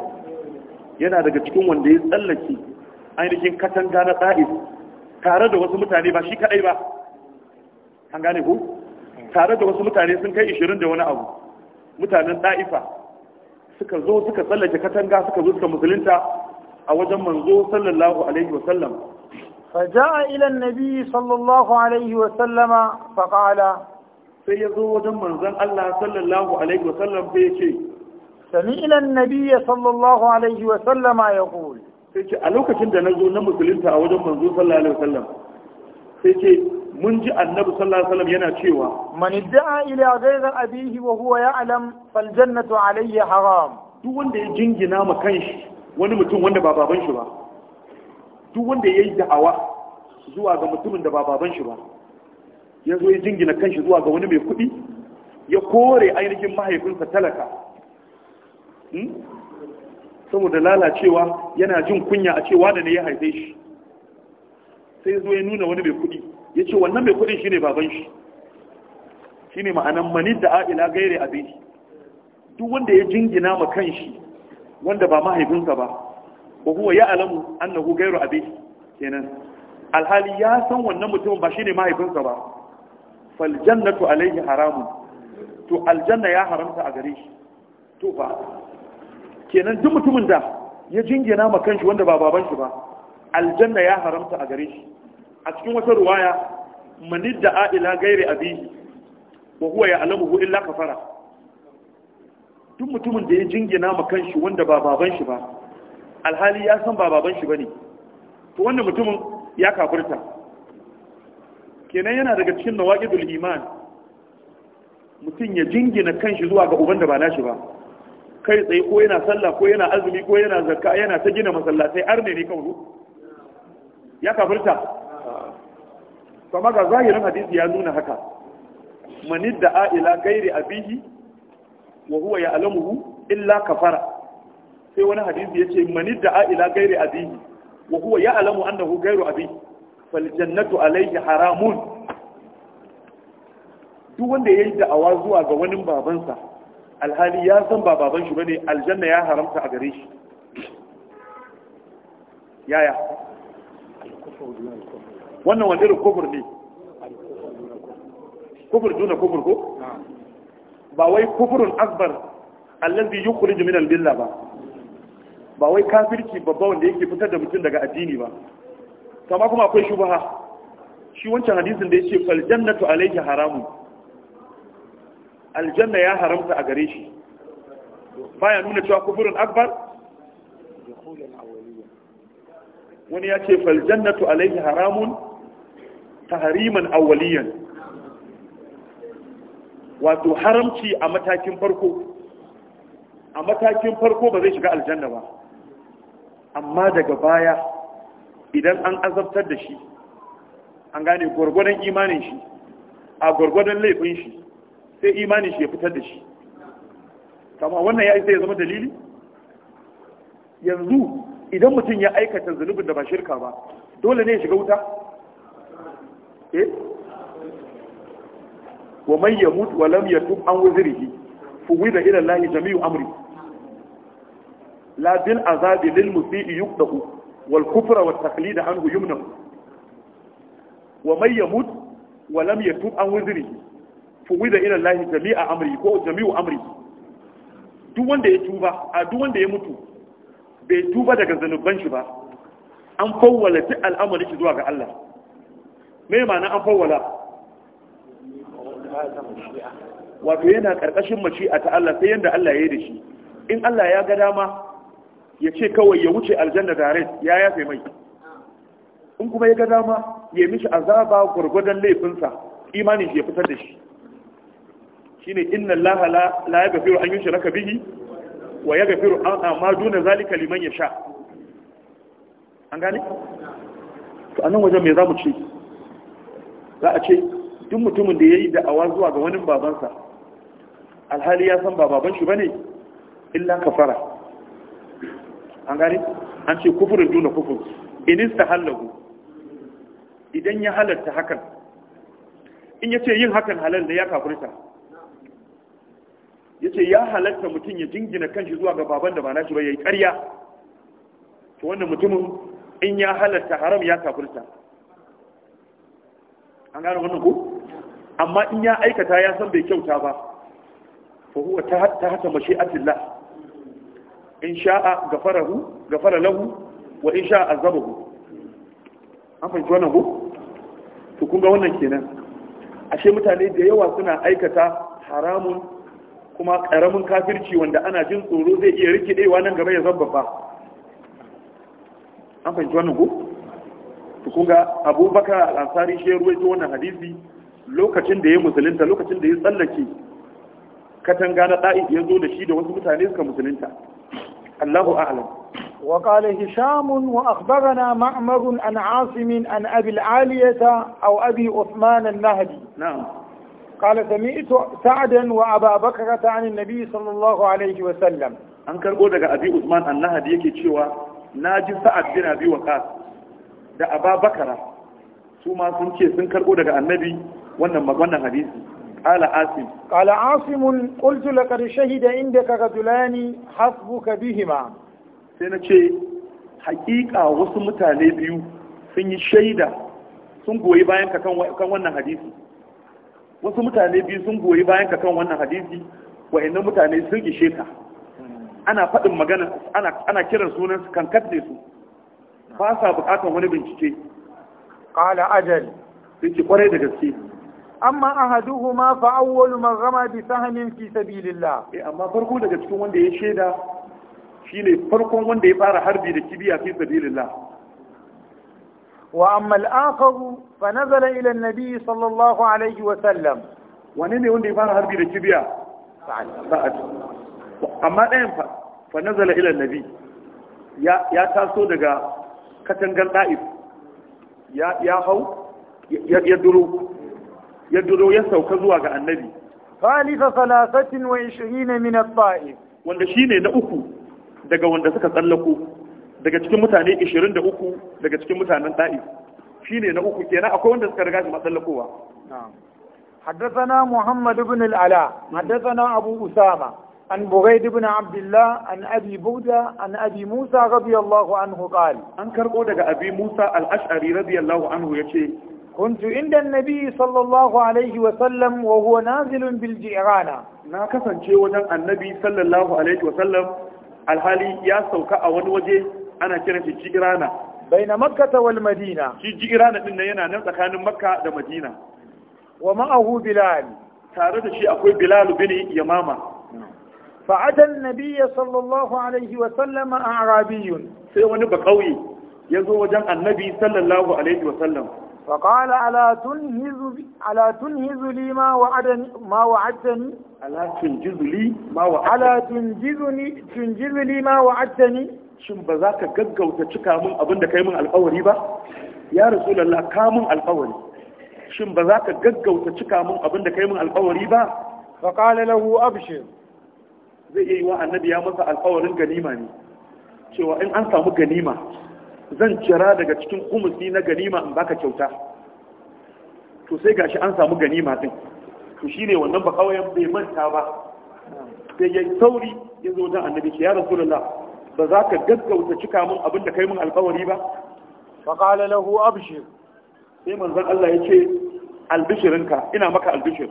yana daga cikin wanda ya tsallake ainihin katanga na ɗa'if tare da wasu mutane ba shi kaɗai ba an gane ku tare da wasu mutane sun kai ishirin da wani abu mutanen ɗa'ifa suka zo suka tsallake katanga suka zo suka musulunta a wajen manzo sallallahu alaihi wasallam faja'a ila annabi sallallahu alaihi wasallama faqala sai yazo wajen manzon Allah sallallahu alaihi wasallam bai ce sami'na annabi sallallahu alaihi wasallama yaqul sai ce a lokacin da nazo na musulunta a wajen manzo sallallahu alaihi wasallam sai ce mun ji annabi sallallahu yana cewa man da'a ila ghayri abihi wa huwa ya'lam fal jannatu haram duk wanda ya jingina ma kanshi wani mutum wanda ba baban shi ba duk wanda ya yi da'awa zuwa ga mutumin da ba baban shi ba ya zo ya jingina kanshi zuwa ga wani mai kuɗi ya kore ainihin mahaifinsa talaka hmm? saboda lalacewa yana jin kunya a cewa da ne ya haife shi sai zo ya nuna wani mai kuɗi ya ce wannan mai kuɗin shine baban shi shine ma'anan manin da a'ila gaire abin duk wanda ya jingina ma kanshi wanda ba mahaifinsa ba wa huwa ya'lamu annahu ghayru abihi kenan alhali ya san wannan mutumin ba shine mahaifinsa ba Faljanna to alaihi haramun to aljanna ya haramta a gare shi to ba kenan duk mutumin da ya jingina ma kanshi wanda ba baban shi ba aljanna ya haramta a gare shi a cikin wata ruwaya manidda ila gairi abihi wa huwa ya'lamuhu illa kafara duk mutumin da ya jingina ma kanshi wanda ba baban shi ba alhali ya san ba baban shi bane to wanda mutumin ya kafirta kenan yana daga cikin nawaqidul iman mutum ya jingina kanshi zuwa ga uban da ba nashi ba kai tsaye ko yana sallah ko yana azumi ko yana zakka yana ta gina masallatai arne ne ne, kawai ya kafirta kuma ga zahirin hadisi ya nuna haka manidda a'ila gairi abihi wa huwa ya'lamuhu illa kafara sai wani hadisi yace man da'a ila ghairi abi wa huwa ya'lamu annahu ghairu abi fal jannatu alayhi haramun duk wanda ya yi da'awa zuwa ga wani babansa alhali ya san ba baban shi bane aljanna ya haramta a gare shi yaya wannan wanda da kufur ne kufur duna kufur ko ba wai kufurun akbar allazi yukhrij min al-billah ba ba wai kafirci babba wanda yake fitar da mutum daga addini ba kama kuma akwai shubaha shi wancan hadisin da yake fal jannatu alayhi haramun aljanna ya haramta a gare shi baya nuna cewa kufurun akbar wani ya ce fal jannatu alayhi haramun tahriman awwaliyan wato haramci a matakin farko a matakin farko ba zai shiga aljanna ba amma daga baya idan an azabtar da shi an gane gwargwadon imanin shi a gwargwadon laifin shi sai imanin shi ya fitar da shi kama wannan ya isa ya zama dalili yanzu idan mutum ya aikata zunubin da ba shirka ba dole ne ya shiga wuta eh wa man yamut wa lam yatub an wuzrihi fuwida ila Allah jami'u amri la bil azabi lil musii yuqdahu wal kufra wat taqlid anhu yumnahu wa man yamut wa lam yatub an wuzrihi fuwida ila Allah jami'a amri ko jami'u amri duk wanda ya tuba a duk wanda ya mutu bai tuba daga zanuban shi ba an fawwala duk al'amarin shi zuwa ga Allah me ma'ana an fawwala wato yana karkashin mashi'a a Allah sai yanda Allah ya yi da shi in Allah ya ga dama ya ce kawai ya wuce aljanna tare ya yafe mai in kuma ya ga dama ya mishi azaba gurgudan laifinsa imanin shi ya fitar da shi shine inna laha la ya gafiru an yushraka bihi wa yaghfiru ma duna zalika liman yasha an gane to anan wajen me mu ce za a ce duk mutumin da ya yi da'awa zuwa ga wani babansa alhali ya san ba baban shi ba ne? illa kafara an gani an ce kufurin duna kufur ta istahallahu idan ya halarta hakan in ya ce yin hakan halar da ya kafurta ya ce ya halarta mutum ya jingina kanshi zuwa ga baban da ba shi ba ya yi karya. ta wannan mutumin in ya halarta haram ya kafurta an gari wannan ku? amma in ya aikata ya san bai kyauta ba fa huwa ta hata Atilla. in sha'a gafarahu gafara lahu wa in sha'a azabahu an fahimci wannan ko to kun ga wannan kenan ashe mutane da yawa suna aikata haramun kuma karamin kafirci wanda ana jin tsoro zai iya rikidewa nan gaba ya zabbafa an fahimci wannan ko to kun ga abubakar al-ansari shi ya ruwaito wannan hadisi lokacin da ya musulunta lokacin da ya tsallake katanga na da'i ya zo da shi da wasu mutane suka musulunta Allahu a'lam wa qala hisham wa akhbarana ma'mar an asim an abi al-aliyata aw abi uthman an-nahdi na'am qala sami'tu sa'dan wa aba bakrata an an-nabi sallallahu alayhi wa sallam an karbo daga abi uthman an-nahdi yake cewa naji sa'ad bin abi waqas da aba bakara su ma sun ce sun karbo daga annabi wannan wannan hadisi qala asim qala asim qultu لقد shahida indaka رجلان hasbuka bihima sai na ce hakika wasu mutane biyu sun yi shaida sun goyi bayan ka kan wannan hadisi wasu mutane biyu sun goyi bayan ka kan wannan hadisi wa'annan mutane sun ishe ka ana faɗin magana ana kiran sunan su kan katse su ba sa buƙatar wani bincike qala ajal sai ki kwarai da gaske amma ahaduhuma fa awwalu man rama bi sahmin fi sabilillah eh amma farko daga cikin wanda ya sheda shine farkon wanda ya fara harbi da kibiya fi sabilillah wa amma al-akhar fa nazala ila an-nabi sallallahu alaihi wa sallam wani ne wanda ya fara harbi da kibiya sa'ad amma ɗayan fa fa nazala ila an-nabi ya ya taso daga katangar da'if ya ya hau ya duru. ya duro ya sauka zuwa ga annabi Falisa salasatin wa ishirina min at-ta'if wanda shine na uku daga wanda suka tsallako daga cikin mutane 23 daga cikin mutanen ta'if shine na uku kenan akwai wanda suka riga shi matsallakowa حدثنا محمد بن العلاء حدثنا أبو أسامة عن بغيد بن عبد الله عن أبي بودة عن أبي موسى رضي الله عنه قال أنكر بودة أبي موسى الأشعري رضي الله عنه يشي كنت عند النبي صلى الله عليه وسلم وهو نازل بالجيرانة ناكسا جيوجا النبي صلى الله عليه وسلم الحالي يا سوكا أول وجه أنا كنت جيرانة بين مكة والمدينة في جيرانة إن ينا نمت كان مكة والمدينة ومعه بلال تارد شيء أخوي بلال بني يماما فعدا النبي صلى الله عليه وسلم أعرابي سيوان بقوي يزوجا النبي صلى الله عليه وسلم فقال ألا تنهز ألا تنهز لي ما وعدني ما وعدتني ألا تنجز لي ما وعدتني ألا تنجزني تنجز لي ما وعدتني shin ba za ka gaggauta cika min abin da kai min alkawari ba ya rasulullah ka min shin ba za ka gaggauta cika min abin da kai min alkawari ba fa qala lahu abshir yi wa annabi masa ganima ne cewa in an samu ganima zan cira daga cikin kumusi na ganima in baka kyauta to sai gashi an samu ganima din to shine wannan ba kawai bai manta ba sai ya sauri ya zo dan annabi ya rasulullah ba za ka gaskauta cika min abin da kai min alƙawari ba fa qala lahu abshir sai manzon Allah ya ce albishirinka ina maka albishir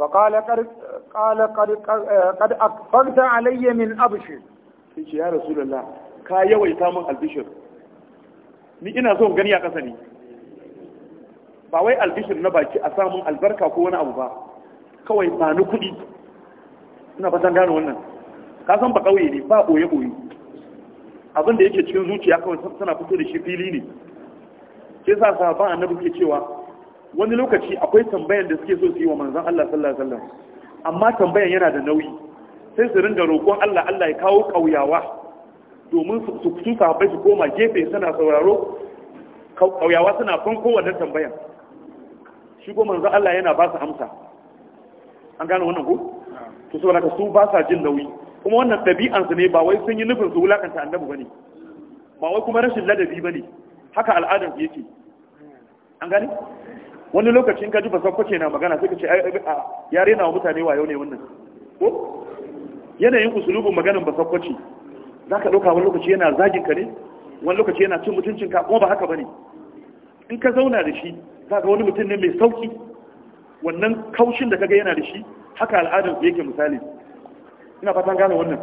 fa qala qala qad qad alayya min abshir sai ya rasulullah ka yawai samun albishir ni ina so gani a ƙasa ne ba wai albishir na baki a samun albarka ko wani abu ba kawai ba ni kuɗi ina san gane wannan ka san ba ƙauye ne ba ɓoye ɓoye abin da yake cikin zuciya kawai tana fito da shi fili ne Ke sa sa ba annabi ke cewa wani lokaci akwai tambayan da suke so su yi wa manzon Allah sallallahu alaihi wasallam amma tambayan yana da nauyi sai su ringa roƙon Allah Allah ya kawo ƙauyawa domin su su haɓe su koma gefe suna sauraro ƙauyawa suna kan kowanne tambayan shi goma za Allah yana ba su amsa an gane wannan ko to saboda ka su ba sa jin nauyi kuma wannan ɗabi'ansu ne ba wai sun yi nufin su wulakanta annabi ne. ba wai kuma rashin ladabi ba ne. haka al'adar su yake an gane wani lokacin ka ji ba sakwace na magana sai ka ce ya rena wa mutane wa yau ne wannan ko yanayin usulubin maganin ba sakwace za ka ɗauka wani lokaci yana zagin ka ne wani lokaci yana cin mutuncin ka kuma ba haka ba ne in ka zauna da shi za ka wani mutum ne mai sauki wannan kaushin da kaga yana da shi haka al'adar su yake misali ina fatan gane wannan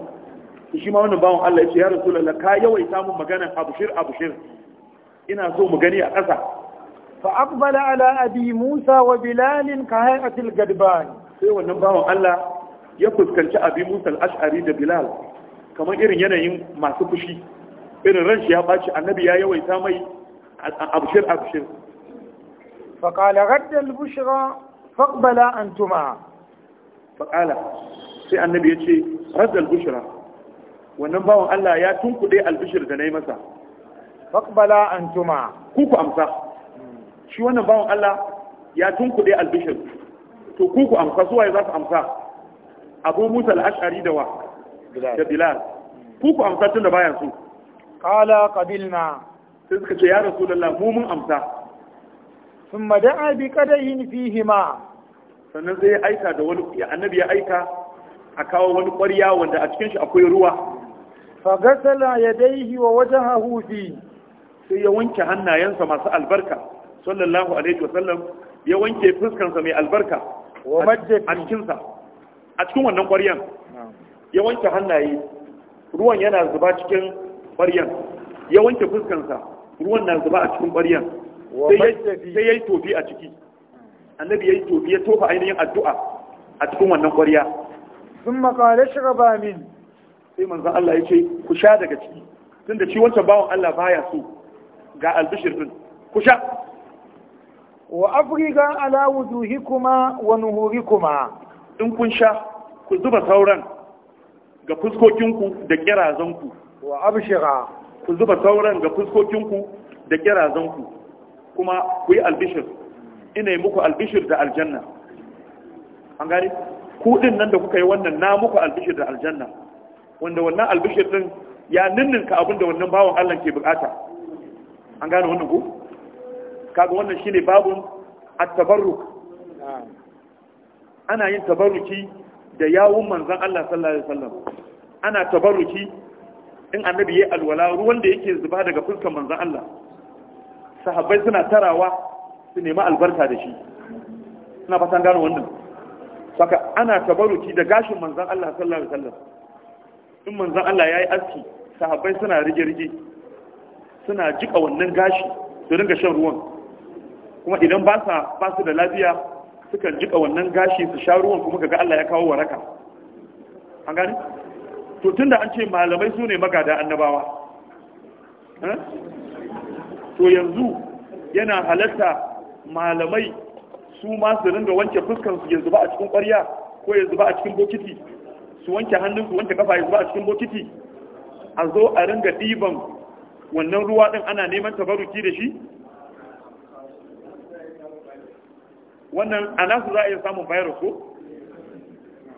shi ma wannan bawan Allah ya ce ya rasulullah ka yawaita samun magana abushir abushir ina so mu gani a ƙasa abi Musa wa Bilalin ka كهيئة الجدبان sai wannan bawan Allah ya fuskanci abi Musa al-Ash'ari da Bilal kamar irin yanayin masu fushi irin ran shi ya ɓaci annabi ya yawaita mai abshir abshir faƙala raddal bushra faƙbala antuma faƙala sai annabi ya ce raddal Bushira. wannan bawan Allah ya tunkuɗe albishir da na yi masa faƙbala antuma ku ku amsa shi wannan bawan Allah ya tunkuɗe albishir to ku ku amsa suwaye za su amsa abu musa al'ashari da wa da bilal ku ku amsa tun da bayan su. Kala kabilna sai suka ce ya rasulullah mu mun amsa Sun abi da'a bi fi hima sannan zai aika da wani annabi ya aika a kawo wani ƙwarya wanda a cikin shi akwai ruwa fa gasala daihi wa wajen fi sai ya wanke hannayensa masu albarka sallallahu alaihi wasallam ya wanke fuskansa mai albarka a cikinsa a cikin wannan ƙwaryan ya wanke hannaye ruwan yana zuba cikin baryan ya wanke fuskansa ruwan na zuba a cikin baryan sai ya yi tofi a ciki annabi ya yi tofi ya tofa ainihin addu'a a cikin wannan ƙwarya sun makale shiga ba min sai manzan Allah ya ce ku sha daga ciki tun da shi wancan bawan Allah baya so ga albishir din ku sha wa afrika ala kuma wa kuma. in kun sha ku zuba sauran ga fuskokinku da kirazanku wa abshira ku zuba sauran ga fuskokinku da kirazanku kuma ku yi albishir ina yi muku albishir da aljanna an gari ku din nan da kuka yi wannan na muku albishir da aljanna wanda wannan albishir din ya ninninka abin da wannan bawan Allah ke bukata an gane wannan ku kaga wannan shine babun at-tabarruk ana yin tabarruki da yawun manzan Allah sallallahu alaihi wasallam ana tabarruki in annabi yayi alwala ruwan da yake zuba daga fuskar manzan Allah sahabbai suna tarawa su nemi albarka da shi ina fatan gano wannan saka ana tabarruki da gashin manzan Allah sallallahu alaihi wasallam in manzan Allah yayi aski sahabbai suna rige-rige suna jika wannan gashi su ringa shan ruwan kuma idan ba su da lafiya sukan jika wannan gashi su sha ruwan kuma ga Allah ya kawo waraka an gani to tunda an ce malamai su ne magada annabawa eh? to yanzu yana halatta malamai su ma su ringa wanke fuskan su ya zuba a cikin ƙwarya ko ya zuba a cikin bokiti su wanke hannun su wanke kafa ya zuba a cikin bokiti a zo a ringa ɗiban wannan ruwa ɗin ana neman tabaruki da shi wannan anasu za a iya samun bayar ko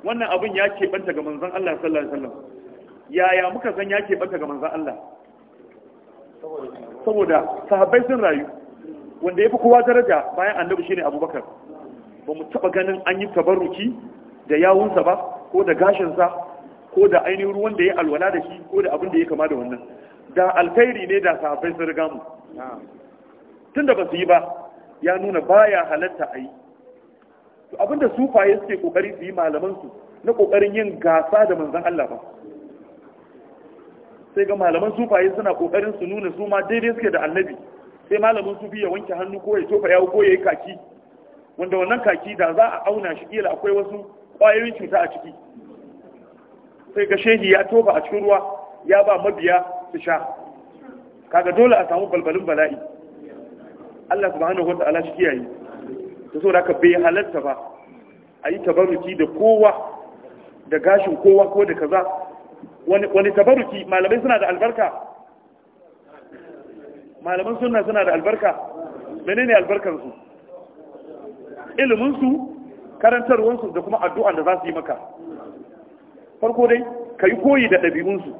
wannan abin ya banta ga manzan Allah sallallahu alaihi wasallam yaya muka san ya banta ga manzan Allah saboda sahabbai sun rayu wanda ya fi kowa daraja bayan annabi shine abubakar ba mu taɓa ganin an yi tabarruki da yawunsa ba ko da gashinsa ko da ainihin ruwan da ya alwala da shi ko da abin da ya kama da wannan da alkhairi ne da sahabbai sun riga mu tun da ba su yi ba ya nuna baya halatta a yi to abinda sufaye suke kokari su yi malaman su na kokarin yin gasa da manzon Allah ba sai ga malaman sufaye suna kokarin su nuna su ma daidai suke da annabi sai malamin sufi ya wanke hannu ko ya tofa yawo ko ya yi kaki wanda wannan kaki da za a auna shi kila akwai wasu ƙwayoyin cuta a ciki sai ga shehi ya tofa a cikin ruwa ya ba mabiya su sha kaga dole a samu balbalin bala'i Allah subhanahu wa ta'ala shi kiyaye Ta so da ka bai halatta ba a yi tabaruki da kowa da gashin kowa ko da kaza wani tabaruki malamai suna da albarka malaman suna, suna da albarka menene albarkansu iliminsu karantarwansu da kuma addu'an da za su yi maka farko dai ka yi koyi da ɗabi'unsu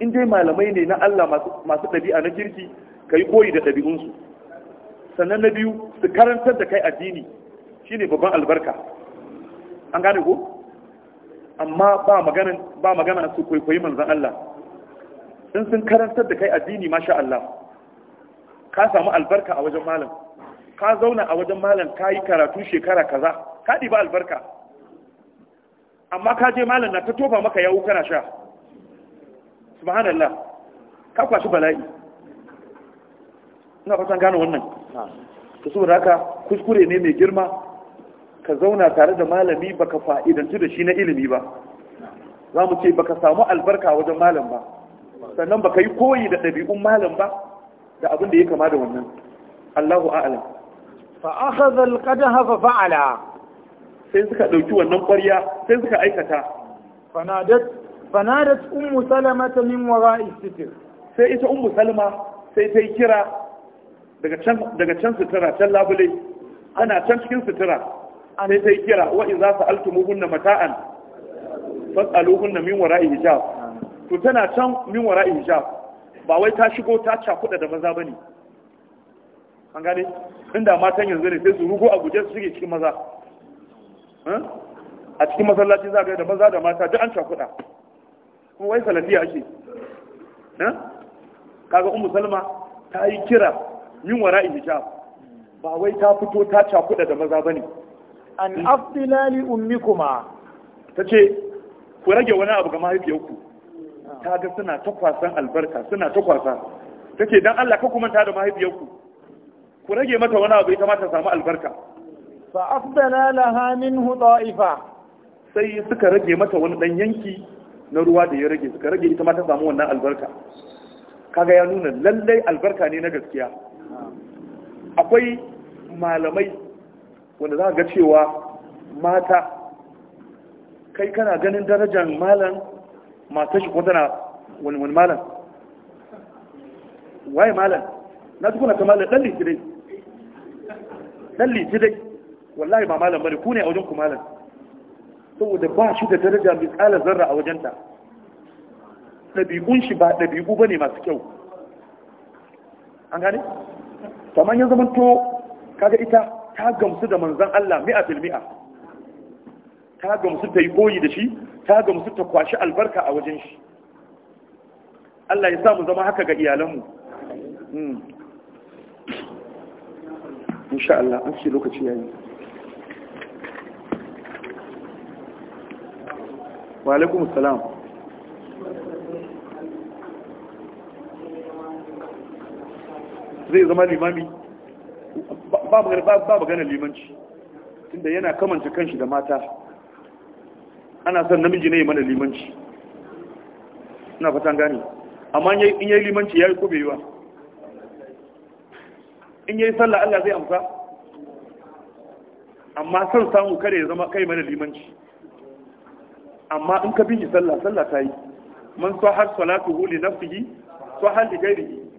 in dai malamai ne na Allah masu ɗabi'a na kirki ka yi koyi da ɗabi'unsu sannan na biyu su karantar da kai addini shine babban albarka an gane ko amma ba magana ba magana su kwaikwayi manzon Allah in sun karantar da kai addini masha Allah ka samu albarka a wajen malam ka zauna a wajen malam ka yi karatu shekara kaza ka ɗiba albarka amma ka je malam na ta tofa maka yawo kana sha subhanallah ka kwashi bala'i ina fatan gane wannan to saboda haka kuskure ne mai girma ka zauna tare da malami baka fa'idantu da shi na ilimi ba za mu ce baka samu albarka wajen malam ba sannan baka yi koyi da ɗabi'un malam ba da abin da ya kama da wannan Allahu a'alam. fa akhadha al-qadaha fa fa'ala sai suka dauki wannan ƙwarya sai suka aikata fanadat fanadat ummu salama min wara'i sitir sai ita ummu salma sai ta kira daga can sutura can labule ana can cikin sutura sai ta yi kira wa in za su muhun na mata'an fasalu hunna min wara'i hijab to tana can min wara'i hijab ba wai ta shigo ta cakuda da maza ne. an gane inda matan yanzu ne sai su rugo a guje su shige cikin maza a cikin masallaci za ga da maza da mata duk an cakuda kuma wai salafiya ake kaga umu salma ta yi kira min wara hijab ba wai ta fito ta cakuɗa da maza bane an afdilali ummikuma tace ku rage wani abu ga mahaifiyarku ta ga suna ta kwasan albarka suna ta kwasa tace dan Allah ka kuma ta da mahaifiyarku ku rage mata wani abu ita ma ta samu albarka fa afdala laha minhu da'ifa sai suka rage mata wani dan yanki na ruwa da ya rage suka rage ita ma ta samu wannan albarka kaga ya nuna lallai albarka ne na gaskiya akwai malamai wanda za ga cewa mata kai kana ganin darajar malam mata shi kuma tana wani wani malam waye malam na tukuna ta malam ɗan litirai ɗan litirai wallahi ba malam bane ku ne a wajen ku malam saboda ba shi da daraja mai tsala zarra a wajenta ɗabi'un shi ba ɗabi'u ne masu kyau an gane kamar ya zama to kaga ita ta gamsu da manzan Allah mi'a fil mi'a ta gamsu ta yi koyi da shi ta gamsu ta kwashi albarka a wajen shi Allah ya sa mu zama haka ga iyalanmu hmm. insha Allah an ce lokaci yayi wa alaikumus salam zai zama limami ba magana limanci tunda yana kamanta kanshi da mata ana son namiji ne mana limanci ina fatan gani amma in yi limanci ya yi ba in yi sallah Allah zai amsa amma son samu kare ya zama kai mana limanci amma in ka bin sallah sallah ta yi man sahar salatuhu li nafsihi sahal li ligari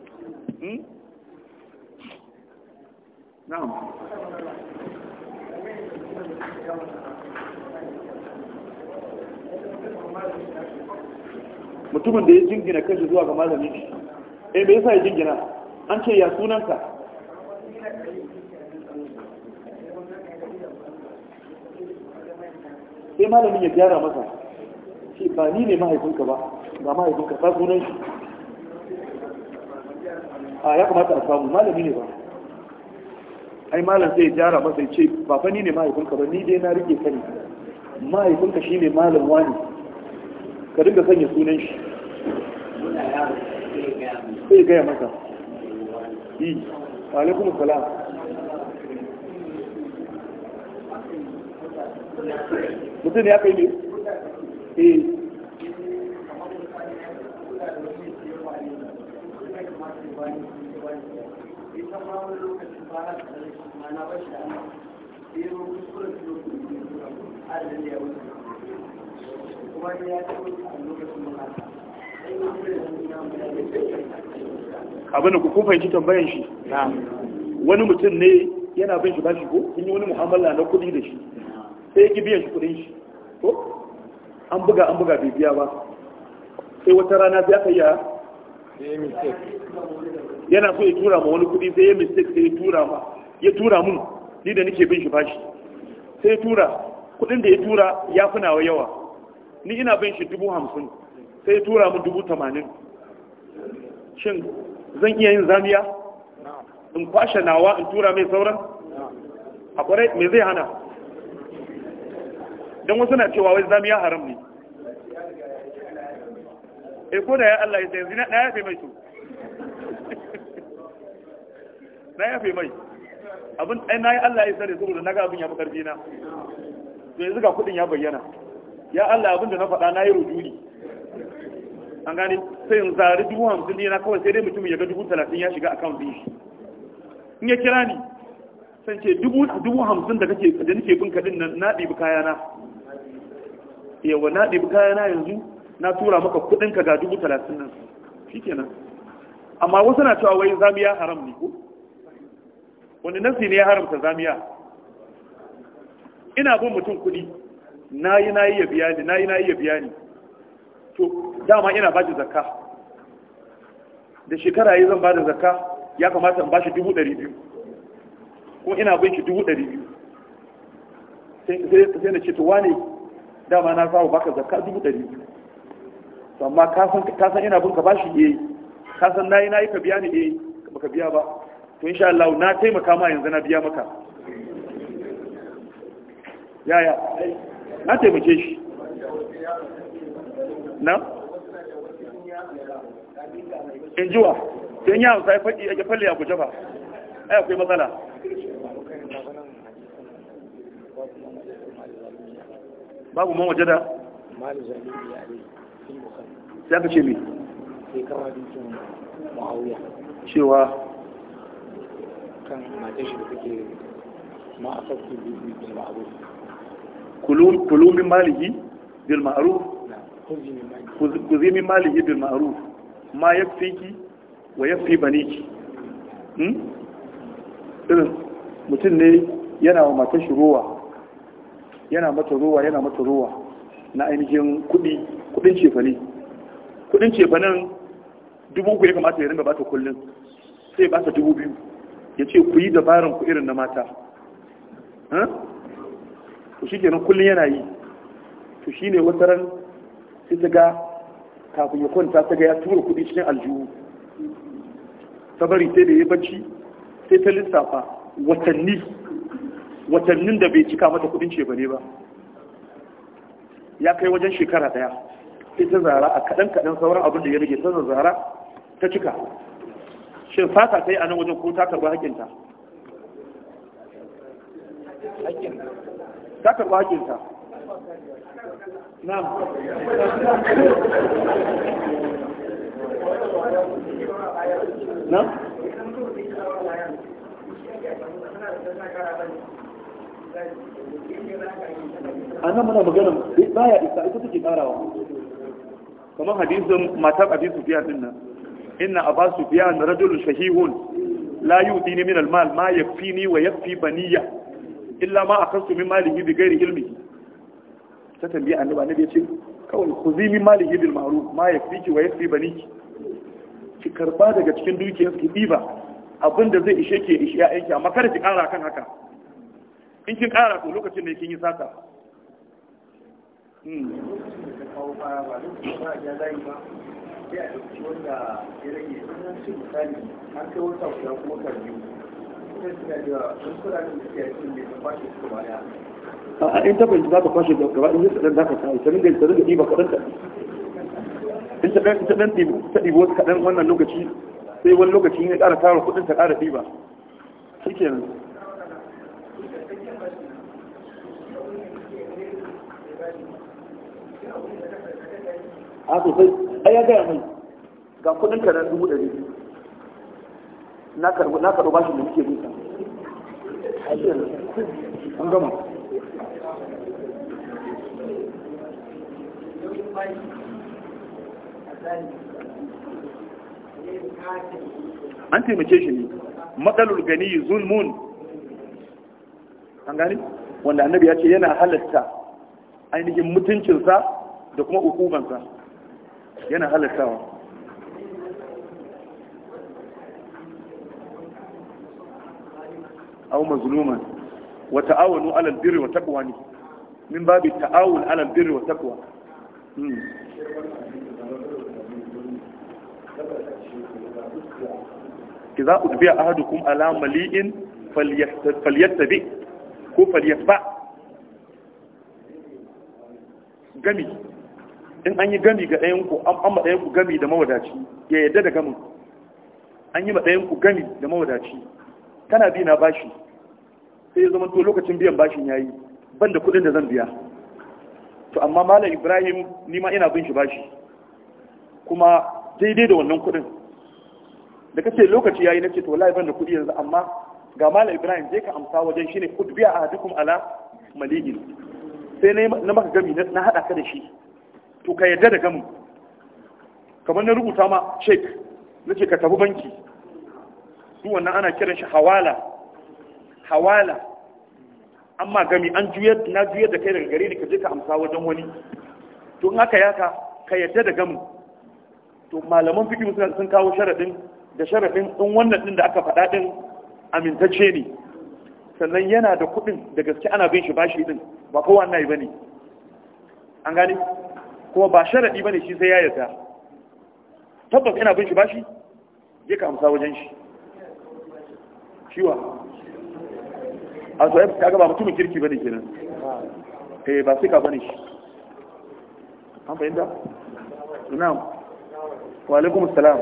mutumin da ya jingina kashi zuwa ga malami shi eh me yasa ya jingina an ce ya sunanka sai malamin ya gyara masa shi ba ni ne mahaifinka ba ba mahaifinka ba sunan shi a ya kamata a samu malami ne ba ai malam sai ya gyara masa ya ce ba fa ni ne mahaifinka ba ni dai na rike ka ne mahaifinka shi ne malam wani ka dinga sanya sunan shi sai gaya maka yi alaikum salam mutum ya kai ne eh abin da ku kun fahimci tambayan shi wani mutum ne yana bin shi bashi ko sun yi wani muhammala na kudi da shi sai yake biyan shi kudin shi ko an buga an buga biya ba sai wata rana zai aka yi a yana so ya tura ma wani kuɗi sai ya mistake sai ya tura ma ya tura mun ni da nake bin shi bashi sai ya tura kuɗin da ya tura ya fi nawa yawa ni ina bin shi dubu hamsin sai ya tura mun dubu tamanin shin zan iya yin zamiya in kwashe nawa in tura mai sauran a kwarai me zai hana don wasu na cewa wai zamiya haram ne e ko da ya Allah ya sai zina na ya mai su na yafe mai abin na nayi Allah ya sare saboda naga abin ya fi ƙarfi na to yanzu ga kudin ya bayyana ya Allah abin da na faɗa na nayi rujuli an gane sai in zari dubu hamsin ne na kawai sai dai mutum ya ga dubu talatin ya shiga akawun din shi in ya kira ni san ce dubu hamsin da kake da nake bin kadin nan na ɗibi kayana yawa na ɗibi kayana yanzu na tura maka kudin ka ga dubu talatin nan kenan amma wasu na cewa wai zamiya haram ne ko wanda nasi ne ya haramta zamiya ina bin mutum kuɗi na yi na yi ya biya ni na yi na yi ya biya ni to dama ina ba shi zakka da shekara yi zan ba da zakka ya kamata in ba shi dubu ɗari biyu ko ina bin shi dubu ɗari biyu sai na ce to wane dama na samu baka zakka dubu ɗari biyu amma ka san ina bin ka ba shi eh ka san na yi na yi ka biya ni eh baka biya ba to insha Allah na taimaka ma yanzu na biya maka yaya na taimake shi na in jiwa don yawon sai faɗi ya falle a guje ba ai akwai matsala babu man waje da ya aka ce mai cewa kan matar shi da take ma a sassu bil ma'ruf kulun kulun min malihi bil ma'ruf kuzi min malihi bil ma'ruf ma yafiki wa yafi baniki hmm? irin mutum ne yana wa matar shi ruwa yana mata ruwa yana mata ruwa na ainihin kudi kudin cefane kudin cefanen dubu uku ya kamata ya ringa bata kullum sai ba ta dubu biyu ya ce ku yi dabaran ku irin na mata ku shi kenan kullum yana yi ku shi ne wata ran sai ta ga kafin ya kwanta ta ga ya tura kuɗi cikin aljihu ta bari sai da ya bacci sai ta lissafa watanni watannin da bai cika mata kuɗin ce bane ba ya kai wajen shekara ɗaya sai ta zara a kaɗan kaɗan sauran abin da ya rage ta zara ta cika shin fata ta yi a nan wajen ko ta karɓi hakinta? ta karɓi a nan muna magana baya isa ita take ƙarawa. kamar hadisin matar abin sufiya din nan inna aba sufyan rajulun shahihun la dini min almal ma ni wa yakfi baniya illa ma akastu min malihi bi ghairi ilmihi ta tambaye ba na yace kawai khuzi min malihi bil ma'ruf ma ki wa yakfi baniki ki karba daga cikin dukiyar ki diba abinda zai ishe ke ishe ƴaƴanki amma kada ki ƙara kan haka in kin ƙara to lokacin da kin yi sata hmm. sai ya in ta fahimci za ka kwashe gaba in yadda za ka sa ta ta ringa ɗiba kaɗan in ta ɗan ta ɗiba wasu kaɗan wannan lokaci sai wani lokaci ya ƙara tara kuɗin ta ƙara ɗiba shi nan. a sosai ai ya gaya mai ga kudin ka nan dubu ɗari na karɓi bashin da muke duka an gama an taimake shi ne matsalar gani zulmun an gani wanda annabi ya ce yana halatta ainihin mutuncinsa da kuma hukumansa yana halittawa aw mazluman wa ta'awanu 'alal birri wa taqwa ne min babi ta'awun 'alal birri wa taqwa hmm. idza utbiya ahadukum ala mali'in falyattabi ko falyatba gami in an yi gami ga ɗayanku an ma ɗayanku gami da mawadaci ya yadda da gamin an yi ma ɗayanku gami da mawadaci kana bi na bashi sai ya zama to lokacin biyan bashin yayi ban da kuɗin da zan biya to amma malam ibrahim ni ma ina bin shi bashi kuma daidai da wannan kuɗin da kace lokaci yayi nace to wallahi ban da kuɗi yanzu amma ga malam ibrahim je ka amsa wajen shine kudbiya hadukum ala malihin sai na maka gami na haɗa ka da shi to ka yadda da gamu kamar na rubuta ma cek na ce ka tafi banki duk wannan ana kiran shi hawala hawala amma gami an juyar na juyar da kai daga gare ni ka je ka amsa wajen wani to in haka yaka ka yadda da gamu to malaman musu sun kawo sharadin da sharadin in wannan din da aka faɗa din amintacce ne sannan yana da kuɗin da gaske ana bin shi bashi din ba kowa na yi bane an gani? kuma ba ba ne shi sai ya yarda tabbas ina bin shi bashi ya ka amsa wajen shi ciwa a zuwa ya ga ba mutumin kirki bane kenan eh ba sika ne shi an fahimta Na. wa alaikum assalam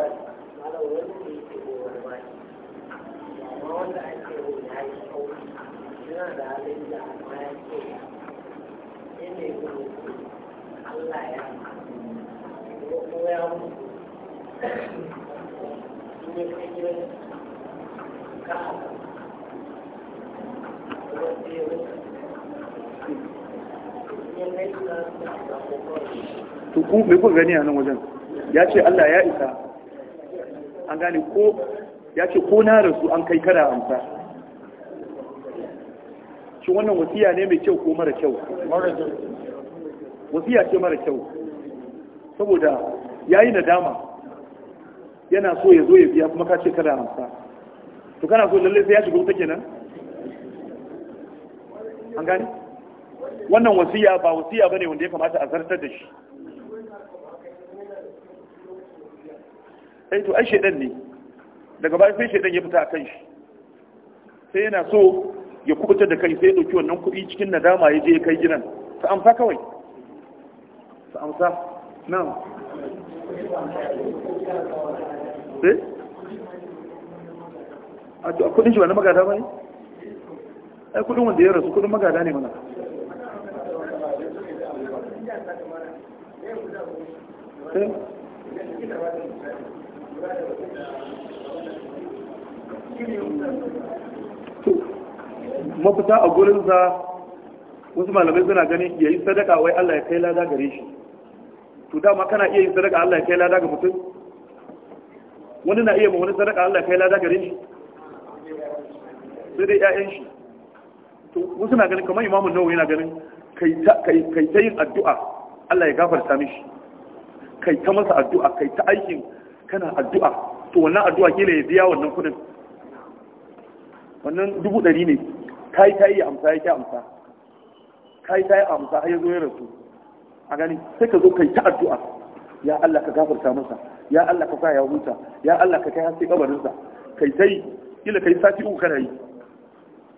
tuku mai kuka gani a nan wajen ya ce Allah ya isa an gane ko ya ce ko na rasu an kai kara amsa shi wannan wasiya ne mai kyau ko mara kyau wasiya ce mara kyau saboda ya yi nadama yana so ya zo ya biya kuma ka ce kada amsa to kana so lallai sai ya shiga wuta kenan an gani wannan wasiya ba wasiya bane wanda ya kamata a zartar da shi sai eh to ai shedan ne daga baya sai shedan ya fita a kan shi sai yana so ya kubutar da kai sai ya dauki wannan kuɗi cikin nadama ya je ya kai gidan ta amsa kawai su amsa nan eh? a to kudin shi magada ya rasu magada ne eh? mafita a sa wasu malamai suna ganin yayi sadaka wai Allah ya kai lada gare shi to dama kana iya yin sadaka Allah ya kai lada ga mutum wani na iya ma wani sadaka Allah ya kai lada gare shi sai dai ƴaƴan shi to wasu na ganin kamar imamu nawawi yana ganin kai kai ta yin addu'a Allah ya gafarta mishi kai ta masa addu'a kai ta aikin kana addu'a to wannan addu'a kila ya biya wannan kudin wannan dubu ɗari ne kai ta yi amsa ya ki amsa kai ta yi amsa har ya zo ya rasu a gani sai ka zo kai ta addu'a ya Allah ka gafarta masa ya Allah ka sa ya huta ya Allah ka kai haske kabarin sa kai sai kila kai sati uku kana yi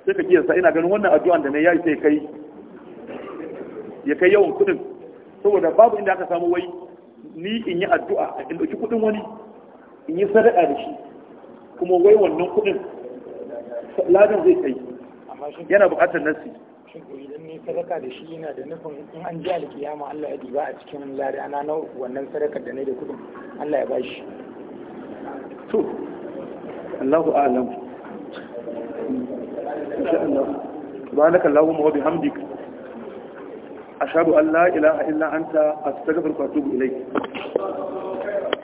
sai ka kiyasa ina ganin wannan addu'an da na yi sai kai ya kai yawan kudin saboda babu inda aka samu wai ni in yi addu'a in dauki kudin wani in yi sadaka da shi kuma wai wannan kudin ladan zai kai yana bukatar nasi shin ko idan ne sadaka da shi yana da nufin in an ji alkiyama Allah ya diba a cikin lari ana na wannan sadaka da ne da kudin Allah ya bashi to Allahu a'lam insha Allah subhanaka allahumma wa bihamdik ashhadu an la ilaha illa anta astaghfiruka wa atubu ilayk